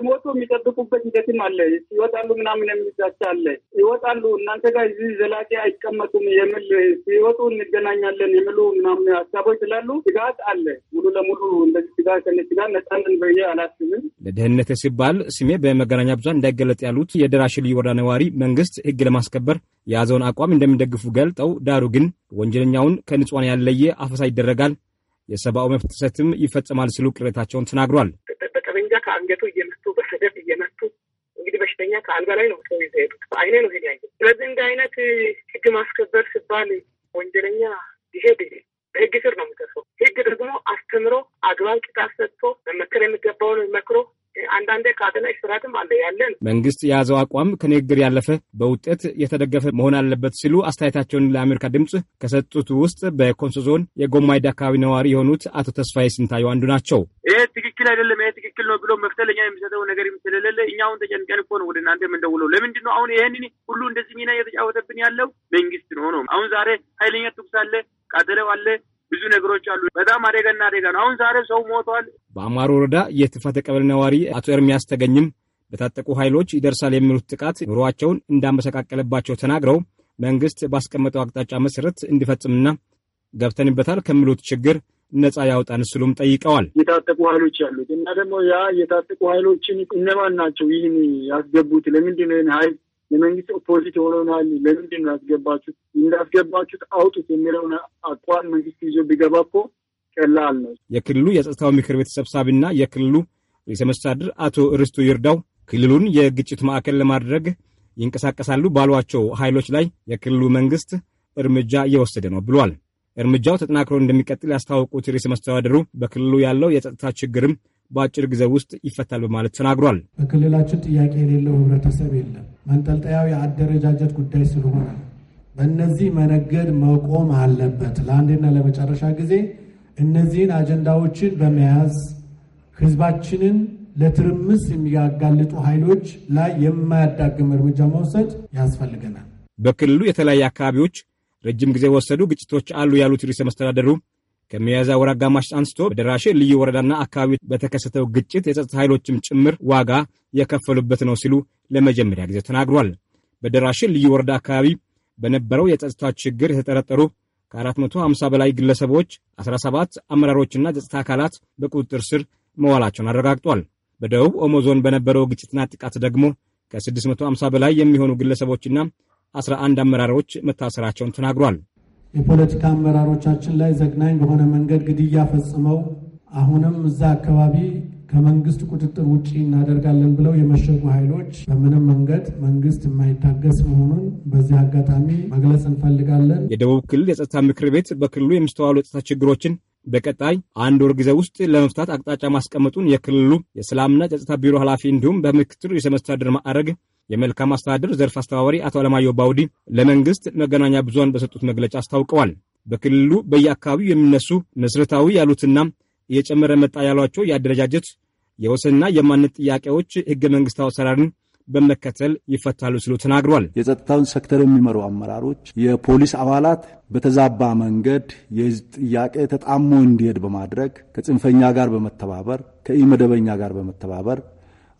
ሞቱ የሚጠብቁበት ሂደትም አለ። ይወጣሉ ምናምን የሚዛቻ አለ። ይወጣሉ እናንተ ጋር እዚህ ዘላቂ አይቀመጡም የሚል ሲወጡ እንገናኛለን የሚሉ ምናምን ሀሳቦች ስላሉ ስጋት አለ። ሙሉ ለሙሉ እንደዚህ ስጋ ጋር ነጻንን ብዬ አላስብም። ለደህንነት ሲባል ስሜ በመገናኛ ብዙሃን እንዳይገለጥ ያሉት የደራሽ ልዩ ወረዳ ነዋሪ መንግስት ህግ ለማስከበር የያዘውን አቋም እንደሚደግፉ ገልጠው፣ ዳሩ ግን ወንጀለኛውን ከንጹሃን ያለየ አፈሳ ይደረጋል፣ የሰብአዊ መብት ጥሰትም ይፈጸማል ሲሉ ቅሬታቸውን ተናግሯል። በጠመንጃ ከአንገቱ እየመቱ በሰደፍ እየመቱ እንግዲህ በሽተኛ ከአልጋ ላይ ነው ሰው ይዘ አይኔ ነው ሄድ ያየ። ስለዚህ እንደ አይነት ህግ ማስከበር ሲባል ወንጀለኛ ይሄድ በህግ ስር ነው የሚከሰው። ህግ ደግሞ አስተምሮ አግባብ ቅጣት ሰጥቶ መመከር የሚገባውን መክሮ አንዳንዴ ከአደና ስርዓትም አለ ያለን መንግስት የያዘው አቋም ከንግግር ያለፈ በውጤት የተደገፈ መሆን አለበት ሲሉ አስተያየታቸውን ለአሜሪካ ድምፅ ከሰጡት ውስጥ በኮንሶ ዞን የጎማይድ አካባቢ ነዋሪ የሆኑት አቶ ተስፋዬ ስንታዩ አንዱ ናቸው። ይሄ ትክክል አይደለም፣ ይሄ ትክክል ነው ብሎ መፍትሄ ለኛ የሚሰጠው ነገር ስለሌለ እኛ አሁን ተጨንቀን እኮ ነው ወደ እናንተ የምንደውለው። ለምንድን ነው አሁን ይህንን ሁሉ እንደዚህ ሚና እየተጫወተብን ያለው መንግስት ነው ነው። አሁን ዛሬ ኃይለኛ ትኩስ አለ ቃጠለው አለ። ብዙ ነገሮች አሉ። በጣም አደገና አደጋ ነው። አሁን ዛሬ ሰው ሞቷል። በአማሮ ወረዳ የትፋተ ቀበሌ ነዋሪ አቶ ኤርሚያስ ተገኝም በታጠቁ ኃይሎች ይደርሳል የሚሉት ጥቃት ኑሯቸውን እንዳመሰቃቀለባቸው ተናግረው መንግስት ባስቀመጠው አቅጣጫ መሰረት እንዲፈጽምና ገብተንበታል ከሚሉት ችግር ነጻ ያውጣን ስሉም ጠይቀዋል። የታጠቁ ኃይሎች ያሉት እና ደግሞ ያ የታጠቁ ኃይሎችን እነማን ናቸው? ይህን ያስገቡት ለምንድን ነው ኃይል የመንግስት ኦፖዚት የሆነናል ለምንድን ነው ያስገባችሁት? እንዳስገባችሁት አውጡት የሚለውን አቋም መንግስት ይዞ ቢገባ እኮ ቀላል ነው። የክልሉ የጸጥታው ምክር ቤት ሰብሳቢና የክልሉ ርዕሰ መስተዳድር አቶ ርስቱ ይርዳው ክልሉን የግጭት ማዕከል ለማድረግ ይንቀሳቀሳሉ ባሏቸው ኃይሎች ላይ የክልሉ መንግስት እርምጃ እየወሰደ ነው ብሏል። እርምጃው ተጠናክሮ እንደሚቀጥል ያስታወቁት ርዕሰ መስተዳድሩ በክልሉ ያለው የጸጥታ ችግርም በአጭር ጊዜ ውስጥ ይፈታል በማለት ተናግሯል። በክልላችን ጥያቄ የሌለው ህብረተሰብ የለም። መንጠልጠያው የአደረጃጀት ጉዳይ ስለሆነ በእነዚህ መነገድ መቆም አለበት። ለአንዴና ለመጨረሻ ጊዜ እነዚህን አጀንዳዎችን በመያዝ ህዝባችንን ለትርምስ የሚያጋልጡ ኃይሎች ላይ የማያዳግም እርምጃ መውሰድ ያስፈልገናል። በክልሉ የተለያዩ አካባቢዎች ረጅም ጊዜ ወሰዱ ግጭቶች አሉ ያሉት ርዕሰ መስተዳደሩ ከሚያዝያ ወር አጋማሽ አንስቶ በደራሼ ልዩ ወረዳና አካባቢ በተከሰተው ግጭት የጸጥታ ኃይሎችም ጭምር ዋጋ የከፈሉበት ነው ሲሉ ለመጀመሪያ ጊዜ ተናግሯል። በደራሼ ልዩ ወረዳ አካባቢ በነበረው የጸጥታ ችግር የተጠረጠሩ ከ450 በላይ ግለሰቦች፣ 17 አመራሮችና ጸጥታ አካላት በቁጥጥር ስር መዋላቸውን አረጋግጧል። በደቡብ ኦሞ ዞን በነበረው ግጭትና ጥቃት ደግሞ ከ650 በላይ የሚሆኑ ግለሰቦችና 11 አመራሮች መታሰራቸውን ተናግሯል። የፖለቲካ አመራሮቻችን ላይ ዘግናኝ በሆነ መንገድ ግድያ ፈጽመው አሁንም እዛ አካባቢ ከመንግስት ቁጥጥር ውጭ እናደርጋለን ብለው የመሸጉ ኃይሎች በምንም መንገድ መንግስት የማይታገስ መሆኑን በዚህ አጋጣሚ መግለጽ እንፈልጋለን። የደቡብ ክልል የጸጥታ ምክር ቤት በክልሉ የሚስተዋሉ የጸጥታ ችግሮችን በቀጣይ አንድ ወር ጊዜ ውስጥ ለመፍታት አቅጣጫ ማስቀመጡን የክልሉ የሰላምና የጸጥታ ቢሮ ኃላፊ እንዲሁም በምክትሉ ርዕሰ ማዕረግ የመልካም አስተዳደር ዘርፍ አስተባባሪ አቶ አለማየሁ ባውዲ ለመንግስት መገናኛ ብዙሃን በሰጡት መግለጫ አስታውቀዋል። በክልሉ በየአካባቢው የሚነሱ መስረታዊ ያሉትና እየጨመረ መጣ ያሏቸው የአደረጃጀት የወሰንና የማንነት ጥያቄዎች ህገ መንግስታዊ አሰራርን በመከተል ይፈታሉ ሲሉ ተናግሯል። የጸጥታውን ሴክተር የሚመሩ አመራሮች፣ የፖሊስ አባላት በተዛባ መንገድ የህዝብ ጥያቄ ተጣሞ እንዲሄድ በማድረግ ከጽንፈኛ ጋር በመተባበር ከኢመደበኛ ጋር በመተባበር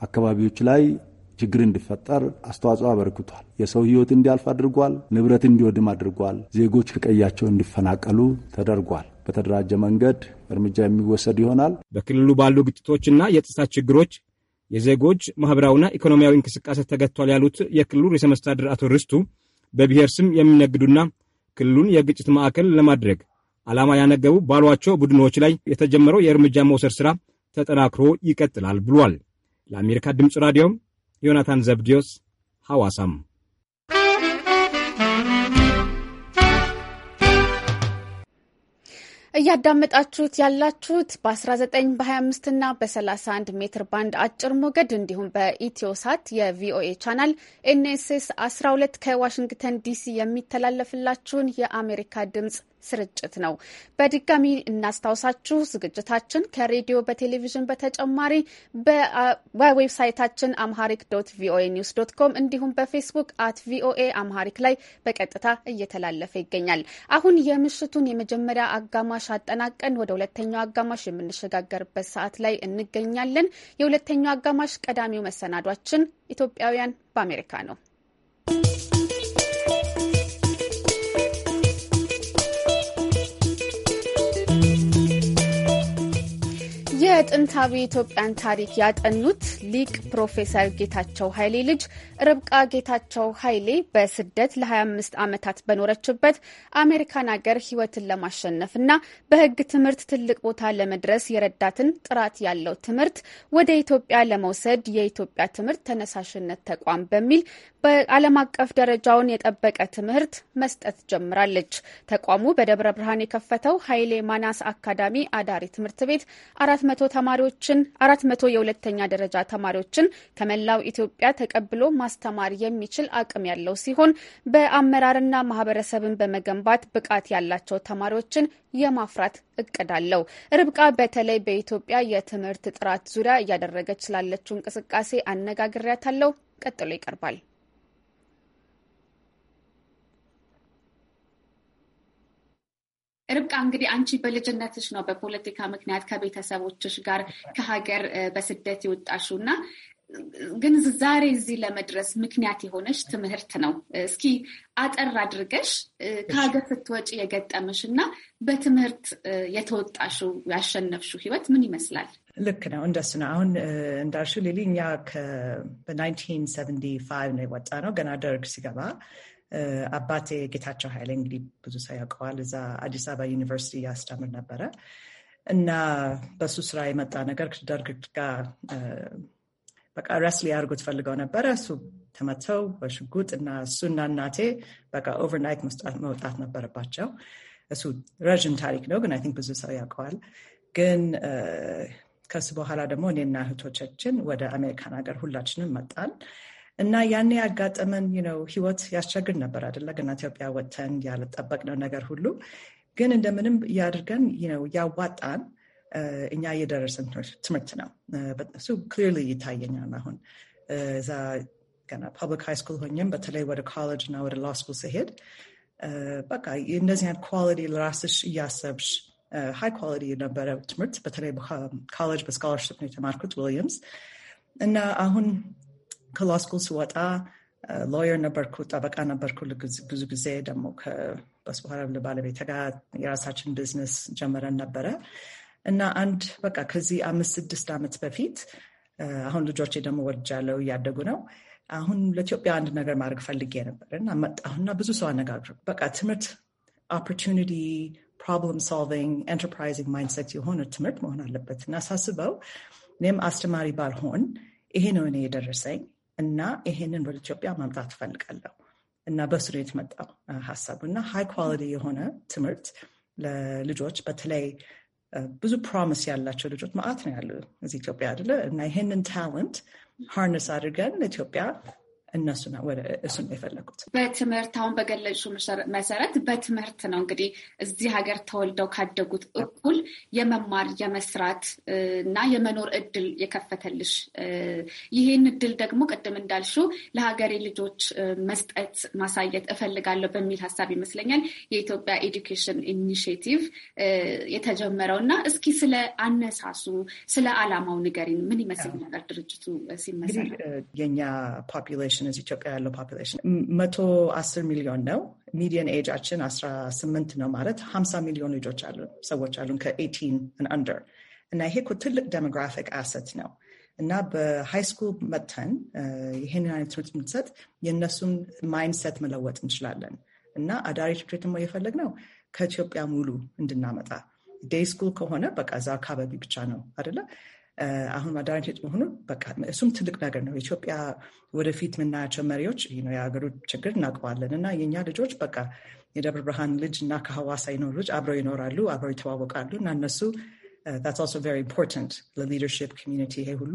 አካባቢዎች ላይ ችግር እንዲፈጠር አስተዋጽኦ አበርክቷል። የሰው ህይወት እንዲያልፍ አድርጓል። ንብረት እንዲወድም አድርጓል። ዜጎች ከቀያቸው እንዲፈናቀሉ ተደርጓል። በተደራጀ መንገድ እርምጃ የሚወሰድ ይሆናል። በክልሉ ባሉ ግጭቶችና የጸጥታ ችግሮች የዜጎች ማኅበራዊና ኢኮኖሚያዊ እንቅስቃሴ ተገጥቷል ያሉት የክልሉ ርዕሰ መስተዳድር አቶ ርስቱ በብሔር ስም የሚነግዱና ክልሉን የግጭት ማዕከል ለማድረግ ዓላማ ያነገቡ ባሏቸው ቡድኖች ላይ የተጀመረው የእርምጃ መውሰድ ሥራ ተጠናክሮ ይቀጥላል ብሏል። ለአሜሪካ ድምፅ ራዲዮም ዮናታን ዘብዲዮስ ሐዋሳም እያዳመጣችሁት ያላችሁት በ19 በ25 እና በ31 ሜትር ባንድ አጭር ሞገድ እንዲሁም በኢትዮሳት የቪኦኤ ቻናል ኤንኤስኤስ 12 ከዋሽንግተን ዲሲ የሚተላለፍላችሁን የአሜሪካ ድምጽ ስርጭት ነው። በድጋሚ እናስታውሳችሁ ዝግጅታችን ከሬዲዮ በቴሌቪዥን በተጨማሪ በዌብሳይታችን አምሃሪክ ዶት ቪኦኤ ኒውስ ዶት ኮም እንዲሁም በፌስቡክ አት ቪኦኤ አምሃሪክ ላይ በቀጥታ እየተላለፈ ይገኛል። አሁን የምሽቱን የመጀመሪያ አጋማሽ አጠናቀን ወደ ሁለተኛው አጋማሽ የምንሸጋገርበት ሰዓት ላይ እንገኛለን። የሁለተኛው አጋማሽ ቀዳሚው መሰናዷችን ኢትዮጵያውያን በአሜሪካ ነው። የጥንታዊ ኢትዮጵያን ታሪክ ያጠኑት ሊቅ ፕሮፌሰር ጌታቸው ኃይሌ ልጅ ርብቃ ጌታቸው ኃይሌ በስደት ለ25 ዓመታት በኖረችበት አሜሪካን አገር ሕይወትን ለማሸነፍ እና በሕግ ትምህርት ትልቅ ቦታ ለመድረስ የረዳትን ጥራት ያለው ትምህርት ወደ ኢትዮጵያ ለመውሰድ የኢትዮጵያ ትምህርት ተነሳሽነት ተቋም በሚል በዓለም አቀፍ ደረጃውን የጠበቀ ትምህርት መስጠት ጀምራለች። ተቋሙ በደብረ ብርሃን የከፈተው ኃይሌ ማናስ አካዳሚ አዳሪ ትምህርት ቤት አራት መቶ ተማሪዎችን አራት መቶ የሁለተኛ ደረጃ ተማሪዎችን ከመላው ኢትዮጵያ ተቀብሎ ማስተማር የሚችል አቅም ያለው ሲሆን በአመራርና ማህበረሰብን በመገንባት ብቃት ያላቸው ተማሪዎችን የማፍራት እቅድ አለው። ርብቃ በተለይ በኢትዮጵያ የትምህርት ጥራት ዙሪያ እያደረገች ስላለችው እንቅስቃሴ አነጋግሪያታለሁ። ቀጥሎ ይቀርባል። ርብቃ እንግዲህ አንቺ በልጅነትሽ ነው በፖለቲካ ምክንያት ከቤተሰቦችሽ ጋር ከሀገር በስደት የወጣሽው እና ግን ዛሬ እዚህ ለመድረስ ምክንያት የሆነች ትምህርት ነው። እስኪ አጠር አድርገሽ ከሀገር ስትወጪ የገጠምሽ እና በትምህርት የተወጣሽው ያሸነፍሽው ህይወት ምን ይመስላል? ልክ ነው። እንደሱ ነው። አሁን እንዳልሽው ሌሊ እኛ ነው የወጣ ነው ገና ደርግ ሲገባ አባቴ ጌታቸው ኃይሌ እንግዲህ ብዙ ሰው ያውቀዋል። እዛ አዲስ አበባ ዩኒቨርሲቲ ያስተምር ነበረ እና በሱ ስራ የመጣ ነገር ደርግ ጋር በቃ ረስ ሊያደርጉት ፈልገው ነበረ። እሱ ተመተው በሽጉጥ እና እሱና እናቴ በቃ ኦቨርናይት መውጣት ነበረባቸው። እሱ ረዥም ታሪክ ነው፣ ግን አይ ቲንክ ብዙ ሰው ያውቀዋል። ግን ከሱ በኋላ ደግሞ እኔና እህቶቻችን ወደ አሜሪካን ሀገር ሁላችንም መጣን። እና ያኔ ያጋጠመን ነው ህይወት ያስቸግር ነበር አይደለ? ገና ኢትዮጵያ ወጥተን ያልጠበቅነው ነገር ሁሉ ግን እንደምንም ያድርገን ነው ያዋጣን እኛ የደረሰን ትምህርት ነው። እሱ ክሊርሊ ይታየኛል አሁን እዛ ገና ፐብሊክ ሃይ ስኩል ሆኝም በተለይ ወደ ኮሌጅ እና ወደ ላው ስኩል ስሄድ በቃ እንደዚህ አይነት ኳሊቲ ለራስሽ እያሰብሽ ሃይ ኳሊቲ የነበረ ትምህርት በተለይ ኮሌጅ በስኮላርሽፕ ነው የተማርኩት ዊሊያምስ እና አሁን ከላስኩል ስወጣ ሎየር ነበርኩ፣ ጠበቃ ነበርኩ። ብዙ ጊዜ ደግሞ በስበኋላ ባለቤቴ ጋር የራሳችን ቢዝነስ ጀመረን ነበረ እና አንድ በቃ ከዚህ አምስት ስድስት ዓመት በፊት አሁን ልጆቼ ደግሞ ወልጃለሁ፣ እያደጉ ነው። አሁን ለኢትዮጵያ አንድ ነገር ማድረግ ፈልጌ ነበር እና መጣሁና ብዙ ሰው አነጋግሩ በቃ ትምህርት ኦፖርቹኒቲ ፕሮብለም ሶልቪንግ ኤንተርፕራይዚንግ ማይንድሴት የሆነ ትምህርት መሆን አለበት እና ሳስበው እኔም አስተማሪ ባልሆን ይሄ ነው እኔ የደረሰኝ እና ይሄንን ወደ ኢትዮጵያ ማምጣት እፈልጋለሁ እና በስሩ የተመጣ ሀሳቡ እና ሃይ ኳሊቲ የሆነ ትምህርት ለልጆች በተለይ ብዙ ፕሮሚስ ያላቸው ልጆች ማአት ነው ያሉ እዚህ ኢትዮጵያ አይደለ እና ይሄንን ታለንት ሃርነስ አድርገን ኢትዮጵያ እነሱ ወደ እሱ ነው የፈለጉት። በትምህርት አሁን በገለጹ መሰረት በትምህርት ነው እንግዲህ እዚህ ሀገር ተወልደው ካደጉት እኩል የመማር የመስራት እና የመኖር እድል የከፈተልሽ ይህን እድል ደግሞ ቅድም እንዳልሹ ለሀገሬ ልጆች መስጠት ማሳየት እፈልጋለሁ በሚል ሀሳብ ይመስለኛል የኢትዮጵያ ኤዱኬሽን ኢኒሽቲቭ የተጀመረው እና እስኪ ስለ አነሳሱ ስለ አላማው ንገሪን። ምን ይመስል ነበር ድርጅቱ ሲመሰረት የኛ ፖፑሌሽን ፖፑሌሽን እዚህ ኢትዮጵያ ያለው ፖፑሌሽን መቶ አስር ሚሊዮን ነው። ሚዲየን ኤጃችን አስራ ስምንት ነው ማለት ሀምሳ ሚሊዮን ልጆች አሉ ሰዎች አሉን ከኤይቲን አንደር እና ይሄ ትልቅ ዴሞግራፊክ አሰት ነው እና ስኩል መጥተን ይህን አይነት ትምህርት የምትሰጥ የእነሱን ማይንድሰት መለወጥ እንችላለን። እና አዳሪ ትምህርት ቤት ደግሞ ነው ከኢትዮጵያ ሙሉ እንድናመጣ ዴይ ስኩል ከሆነ በቃ እዛ አካባቢ ብቻ ነው አደለ አሁን ማዳራጀት መሆኑ በቃ እሱም ትልቅ ነገር ነው። ኢትዮጵያ ወደፊት የምናያቸው መሪዎች የሀገሩ ችግር እናውቀዋለን እና የእኛ ልጆች በቃ የደብረ ብርሃን ልጅ እና ከሐዋሳ ይኖሩ ልጅ አብረው ይኖራሉ፣ አብረው ይተዋወቃሉ እና እነሱ Uh, that's also very important ለሊደርሽፕ ኮሚዩኒቲ ይሄ ሁሉ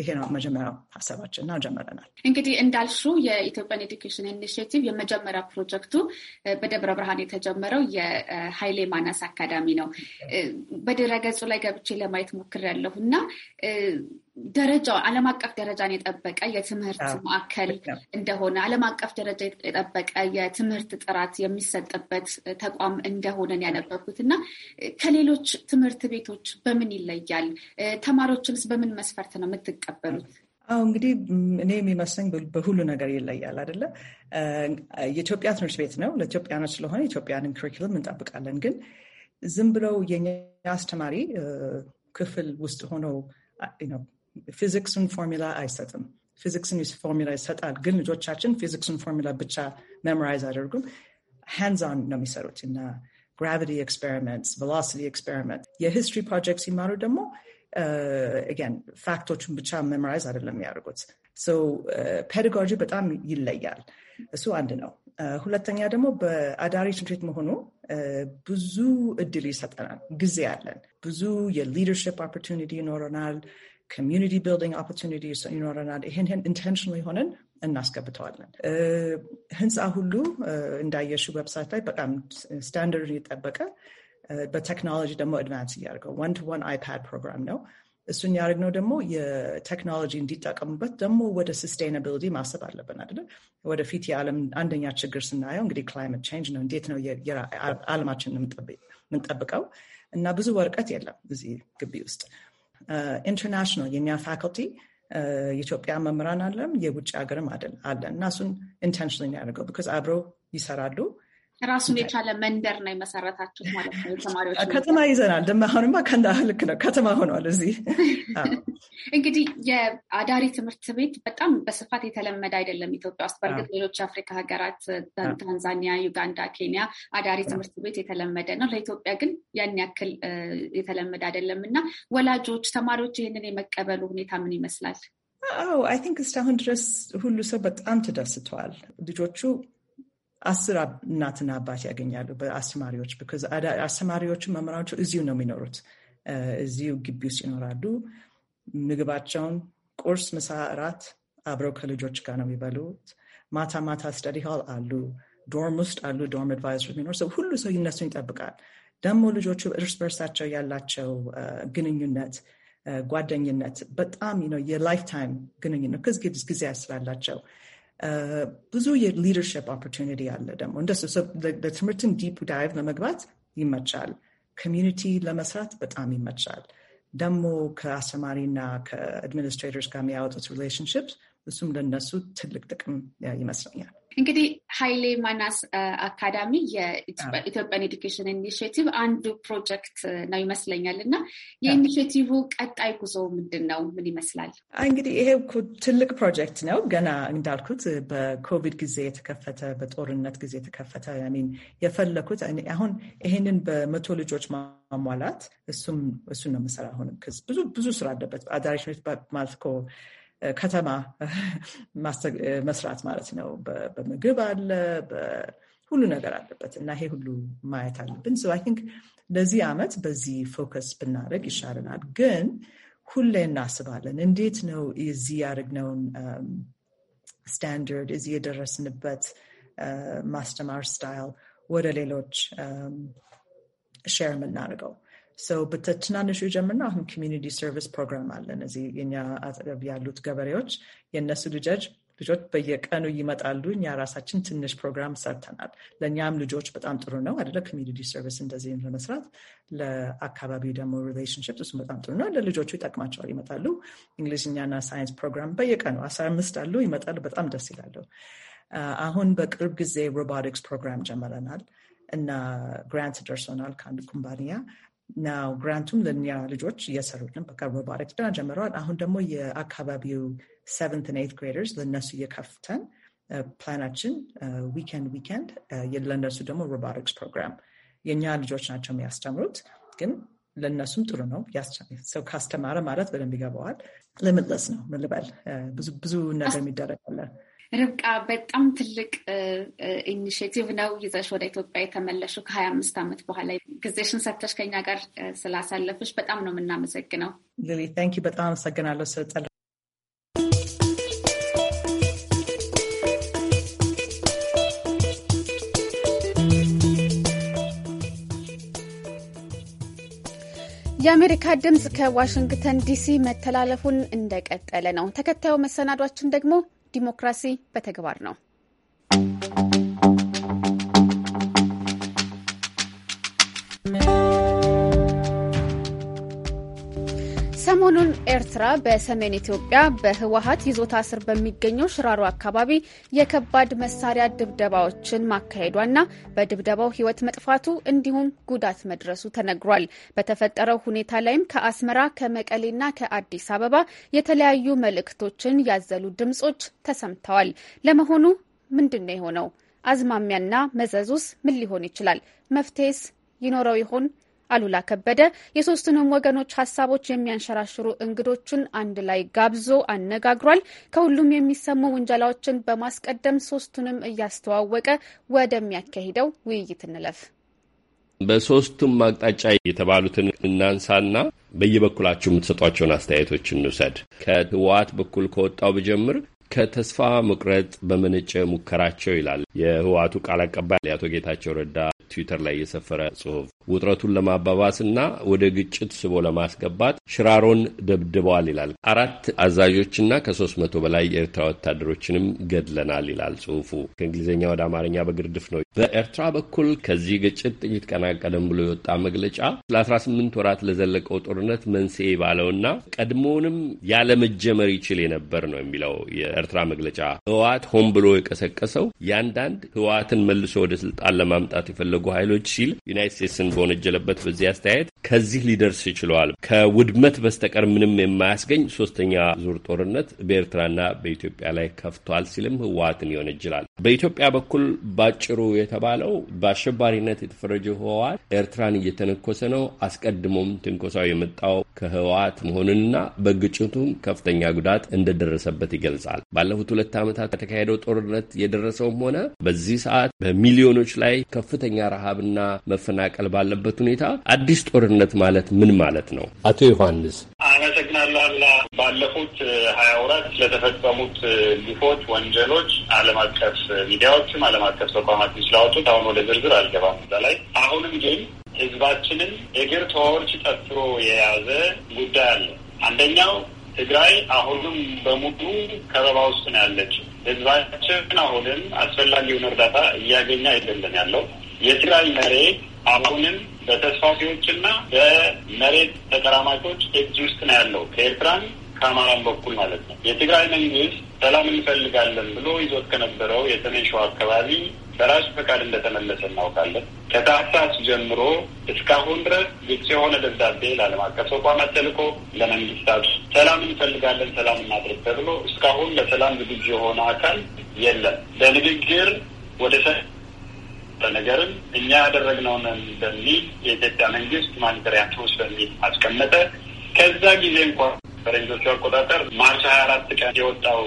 ይሄ ነው መጀመሪያው ሀሳባችን እና ጀመረናል። እንግዲህ እንዳልሽው የኢትዮጵያን ኤዱኬሽን ኢኒሽቲቭ የመጀመሪያ ፕሮጀክቱ በደብረ ብርሃን የተጀመረው የሀይሌ ማናስ አካዳሚ ነው። በድረ ገጹ ላይ ገብቼ ለማየት ሞክሬያለሁ እና ደረጃው ዓለም አቀፍ ደረጃን የጠበቀ የትምህርት ማዕከል እንደሆነ ዓለም አቀፍ ደረጃ የጠበቀ የትምህርት ጥራት የሚሰጥበት ተቋም እንደሆነን ያነበብኩት እና ከሌሎች ትምህርት ቤቶች በምን ይለያል? ተማሪዎችንስ በምን መስፈርት ነው የምትቀበሉት? አሁ እንግዲህ እኔ የሚመስለኝ በሁሉ ነገር ይለያል አይደለ? የኢትዮጵያ ትምህርት ቤት ነው ለኢትዮጵያኖች ስለሆነ ኢትዮጵያንን ክሪኩለም እንጠብቃለን። ግን ዝም ብለው የኛ አስተማሪ ክፍል ውስጥ ሆነው ፊዚክስን ፎርሚላ አይሰጥም። ፊዚክስን ፎርሚላ ይሰጣል፣ ግን ልጆቻችን ፊዚክስን ፎርሚላ ብቻ ሜሞራይዝ አደርጉም። ሃንድስ ኦን ነው የሚሰሩት እና ግራቪቲ ኤክስፔሪመንትስ፣ ቬሎሲቲ ኤክስፔሪመንት። የሂስትሪ ፕሮጀክት ሲማሩ ደግሞ ን uh, ፋክቶቹን ብቻ ሜሞራይዝ አይደለም የሚያደርጉት። ፔዳጎጂ uh, በጣም ይለያል። እሱ አንድ ነው። uh, ሁለተኛ ደግሞ በአዳሪ ትምህርት ቤት መሆኑ ብዙ እድል ይሰጠናል። ጊዜ አለን። ብዙ የሊደርሽፕ ኦፖርቹኒቲ ይኖረናል። community building opportunities in order not intentionally honen and naska betoidlen. Hence ahulu in da yeshu website but I'm standard it abaka. But technology demo advance yargo one to one iPad program no. technology እሱን ያደረግነው ደግሞ የቴክኖሎጂ እንዲጠቀሙበት ደግሞ ወደ ሲስቴናቢሊቲ ማሰብ አለብን አደለ ወደፊት የዓለም አንደኛ ችግር ስናየው እንግዲህ ክላይመት ቼንጅ ነው እንዴት ነው አለማችን የምንጠብቀው እና ብዙ ወርቀት የለም እዚህ ግቢ ውስጥ ኢንተርናሽናል የኛ ፋካልቲ የኢትዮጵያ መምህራን አለም የውጭ ሀገርም አለን እና እሱን ኢንቴንሽናል ያደርገው ቢካዝ አብረው ይሰራሉ ራሱን የቻለ መንደር ነው የመሰረታችሁት ማለት ነው። የተማሪዎች ከተማ ይዘናል። አሁንማ ከንዳ ልክ ነው ከተማ ሆኗል። እዚህ እንግዲህ የአዳሪ ትምህርት ቤት በጣም በስፋት የተለመደ አይደለም ኢትዮጵያ ውስጥ። በእርግጥ ሌሎች የአፍሪካ ሀገራት ታንዛኒያ፣ ዩጋንዳ፣ ኬንያ አዳሪ ትምህርት ቤት የተለመደ ነው። ለኢትዮጵያ ግን ያን ያክል የተለመደ አይደለም እና ወላጆች፣ ተማሪዎች ይህንን የመቀበሉ ሁኔታ ምን ይመስላል? አዎ አይ ቲንክ እስካሁን ድረስ ሁሉ ሰው በጣም ተደስተዋል ልጆቹ አስር እናትና አባት ያገኛሉ በአስተማሪዎች አስተማሪዎቹ መምህራኖቹ እዚሁ ነው የሚኖሩት እዚሁ ግቢ ውስጥ ይኖራሉ ምግባቸውን ቁርስ ምሳ እራት አብረው ከልጆች ጋር ነው የሚበሉት ማታ ማታ ስተዲ ሆል አሉ ዶርም ውስጥ አሉ ዶርም አድቫይዘር የሚኖር ሰው ሁሉ ሰው ይነሱን ይጠብቃል ደግሞ ልጆቹ እርስ በርሳቸው ያላቸው ግንኙነት ጓደኝነት በጣም የላይፍ ታይም ግንኙነት ከዚ ጊዜ ያስላላቸው ብዙ የሊደርሽፕ ኦፖርቹኒቲ አለ። ደግሞ እንደሱ ለትምህርትን ዲፕ ዳይቭ ለመግባት ይመቻል። ኮሚኒቲ ለመስራት በጣም ይመቻል። ደግሞ ከአስተማሪና ከአድሚኒስትሬተርስ ጋር የሚያወጡት ሪሌሽንሽፕ እሱም ለነሱ ትልቅ ጥቅም ይመስለኛል። እንግዲህ ሀይሌ ማናስ አካዳሚ የኢትዮጵያን ኤዱኬሽን ኢኒሽቲቭ አንዱ ፕሮጀክት ነው ይመስለኛል። እና የኢኒሽቲቭ ቀጣይ ጉዞ ምንድን ነው? ምን ይመስላል? እንግዲህ ይሄ ትልቅ ፕሮጀክት ነው። ገና እንዳልኩት በኮቪድ ጊዜ የተከፈተ በጦርነት ጊዜ የተከፈተ ሚን የፈለኩት አሁን ይሄንን በመቶ ልጆች ማሟላት እሱን ነው የምሰራ። አሁንም ብዙ ብዙ ስራ አለበት አዳሪሽ ማለት ከተማ መስራት ማለት ነው። በምግብ አለ፣ ሁሉ ነገር አለበት እና ይሄ ሁሉ ማየት አለብን። አይ ቲንክ ለዚህ ዓመት በዚህ ፎከስ ብናደርግ ይሻለናል። ግን ሁሌ እናስባለን እንዴት ነው የዚህ ያደርግነውን ስታንዳርድ እዚህ የደረስንበት ማስተማር ስታይል ወደ ሌሎች ሼር የምናደርገው ሰው በትናንሹ ጀምርና አሁን ኮሚኒቲ ሰርቪስ ፕሮግራም አለን። እዚህ የኛ አጠገብ ያሉት ገበሬዎች የእነሱ ልጆች ልጆች በየቀኑ ይመጣሉ። እኛ ራሳችን ትንሽ ፕሮግራም ሰርተናል። ለእኛም ልጆች በጣም ጥሩ ነው አደለ? ኮሚኒቲ ሰርቪስ እንደዚህ ለመስራት ለአካባቢው ደግሞ ሪሌሽንሽፕ እሱ በጣም ጥሩ ነው። ለልጆቹ ይጠቅማቸዋል። ይመጣሉ። እንግሊዝኛና ሳይንስ ፕሮግራም በየቀኑ አስራ አምስት አሉ። ይመጣሉ። በጣም ደስ ይላሉ። አሁን በቅርብ ጊዜ ሮቦቲክስ ፕሮግራም ጀመረናል እና ግራንት ደርሶናል ከአንድ ኩምባንያ ነው። ግራንቱም ለእኛ ልጆች እየሰሩልን በቅርብ ባረክ ደና ጀምረዋል። አሁን ደግሞ የአካባቢው ሰቨንት እና ኤይት ግሬደርስ ለእነሱ እየከፍተን ፕላናችን ዊኬንድ ዊኬንድ ለእነሱ ደግሞ ሮቦቲክስ ፕሮግራም የእኛ ልጆች ናቸው የሚያስተምሩት ግን ለእነሱም ጥሩ ነው። ሰው ካስተማረ ማለት በደንብ ይገባዋል። ልምለስ ነው ምልበል ብዙ ነገር የሚደረግ ርብቃ በጣም ትልቅ ኢኒሽቲቭ ነው ይዘሽ ወደ ኢትዮጵያ የተመለሹ ከሀያ አምስት ዓመት በኋላ ጊዜሽን ሰጥተሽ ከኛ ጋር ስላሳለፍሽ በጣም ነው የምናመሰግነው። ሊሊ ታንኪ በጣም አመሰግናለሁ ስጠላ የአሜሪካ ድምፅ ከዋሽንግተን ዲሲ መተላለፉን እንደቀጠለ ነው። ተከታዩ መሰናዷችን ደግሞ ዲሞክራሲ በተግባር ነው። ሰሞኑን ኤርትራ በሰሜን ኢትዮጵያ በህወሀት ይዞታ ስር በሚገኘው ሽራሮ አካባቢ የከባድ መሳሪያ ድብደባዎችን ማካሄዷና በድብደባው ህይወት መጥፋቱ እንዲሁም ጉዳት መድረሱ ተነግሯል። በተፈጠረው ሁኔታ ላይም ከአስመራ ከመቀሌና ከአዲስ አበባ የተለያዩ መልእክቶችን ያዘሉ ድምጾች ተሰምተዋል። ለመሆኑ ምንድን ነው የሆነው? አዝማሚያና መዘዙስ ምን ሊሆን ይችላል? መፍትሄስ ይኖረው ይሆን? አሉላ ከበደ የሶስቱንም ወገኖች ሀሳቦች የሚያንሸራሽሩ እንግዶችን አንድ ላይ ጋብዞ አነጋግሯል። ከሁሉም የሚሰሙ ውንጀላዎችን በማስቀደም ሶስቱንም እያስተዋወቀ ወደሚያካሂደው ውይይት እንለፍ። በሶስቱም አቅጣጫ የተባሉትን እናንሳና በየበኩላችሁ የምትሰጧቸውን አስተያየቶች እንውሰድ። ከህወሓት በኩል ከወጣው ብጀምር ከተስፋ መቁረጥ በመነጨ ሙከራቸው ይላል የህወሓቱ ቃል አቀባይ አቶ ጌታቸው ረዳ ትዊተር ላይ የሰፈረ ጽሁፍ። ውጥረቱን ለማባባስ ወደ ግጭት ስቦ ለማስገባት ሽራሮን ደብድበዋል ይላል። አራት አዛዦችና ከሶስት መቶ በላይ የኤርትራ ወታደሮችንም ገድለናል ይላል ጽሁፉ። ከእንግሊዝኛ ወደ አማርኛ በግርድፍ ነው። በኤርትራ በኩል ከዚህ ግጭት ጥቂት ቀናት ቀደም ብሎ የወጣ መግለጫ ለ18 ወራት ለዘለቀው ጦርነት መንስኤ ባለውና ቀድሞውንም ያለመጀመር ይችል የነበር ነው የሚለው ኤርትራ መግለጫ ህወሓት ሆን ብሎ የቀሰቀሰው ያንዳንድ ህወሓትን መልሶ ወደ ስልጣን ለማምጣት የፈለጉ ኃይሎች ሲል ዩናይት ስቴትስን በወነጀለበት በዚህ አስተያየት ከዚህ ሊደርስ ይችለዋል። ከውድመት በስተቀር ምንም የማያስገኝ ሶስተኛ ዙር ጦርነት በኤርትራና በኢትዮጵያ ላይ ከፍቷል ሲልም ህወሓትን ይወነጅላል። በኢትዮጵያ በኩል ባጭሩ የተባለው በአሸባሪነት የተፈረጀው ህወሓት ኤርትራን እየተነኮሰ ነው፣ አስቀድሞም ትንኮሳው የመጣው ከህወሓት መሆኑንና በግጭቱም ከፍተኛ ጉዳት እንደደረሰበት ይገልጻል። ባለፉት ሁለት ዓመታት ከተካሄደው ጦርነት የደረሰውም ሆነ በዚህ ሰዓት በሚሊዮኖች ላይ ከፍተኛ ረሃብና መፈናቀል ባለበት ሁኔታ አዲስ ጦርነት ማለት ምን ማለት ነው? አቶ ዮሐንስ አመሰግናለሁ። አላ ባለፉት ሀያ ወራት ለተፈጸሙት ግፎች፣ ወንጀሎች ዓለም አቀፍ ሚዲያዎችም ዓለም አቀፍ ተቋማት ስላወጡት አሁን ወደ ዝርዝር አልገባም። እዛ ላይ አሁንም ግን ህዝባችንን እግር ተወርች ጠፍሮ የያዘ ጉዳይ አለ። አንደኛው ትግራይ አሁንም በሙሉ ከበባ ውስጥ ነው ያለች ህዝባችን አሁንም አስፈላጊውን እርዳታ እያገኘ አይደለም ያለው። የትግራይ መሬት አሁንም በተስፋፊዎችና በመሬት ተቀራማቾች እጅ ውስጥ ነው ያለው ከኤርትራም ከአማራም በኩል ማለት ነው። የትግራይ መንግስት ሰላም እንፈልጋለን ብሎ ይዞት ከነበረው የሰሜን ሸዋ አካባቢ በራሱ ፈቃድ እንደተመለሰ እናውቃለን። ከታህሳስ ጀምሮ እስካሁን ድረስ ግልጽ የሆነ ደብዳቤ ለዓለም አቀፍ ተቋማት ተልኮ ለመንግስታቱ ሰላም እንፈልጋለን፣ ሰላም እናድርግ ተብሎ እስካሁን ለሰላም ዝግጁ የሆነ አካል የለም። ለንግግር ወደ ሰ በነገርም እኛ ያደረግነውን በሚል የኢትዮጵያ መንግስት ሁማኒታሪያን ሶስ በሚል አስቀመጠ። ከዛ ጊዜ እንኳን ፈረንጆቹ አቆጣጠር ማርች ሀያ አራት ቀን የወጣው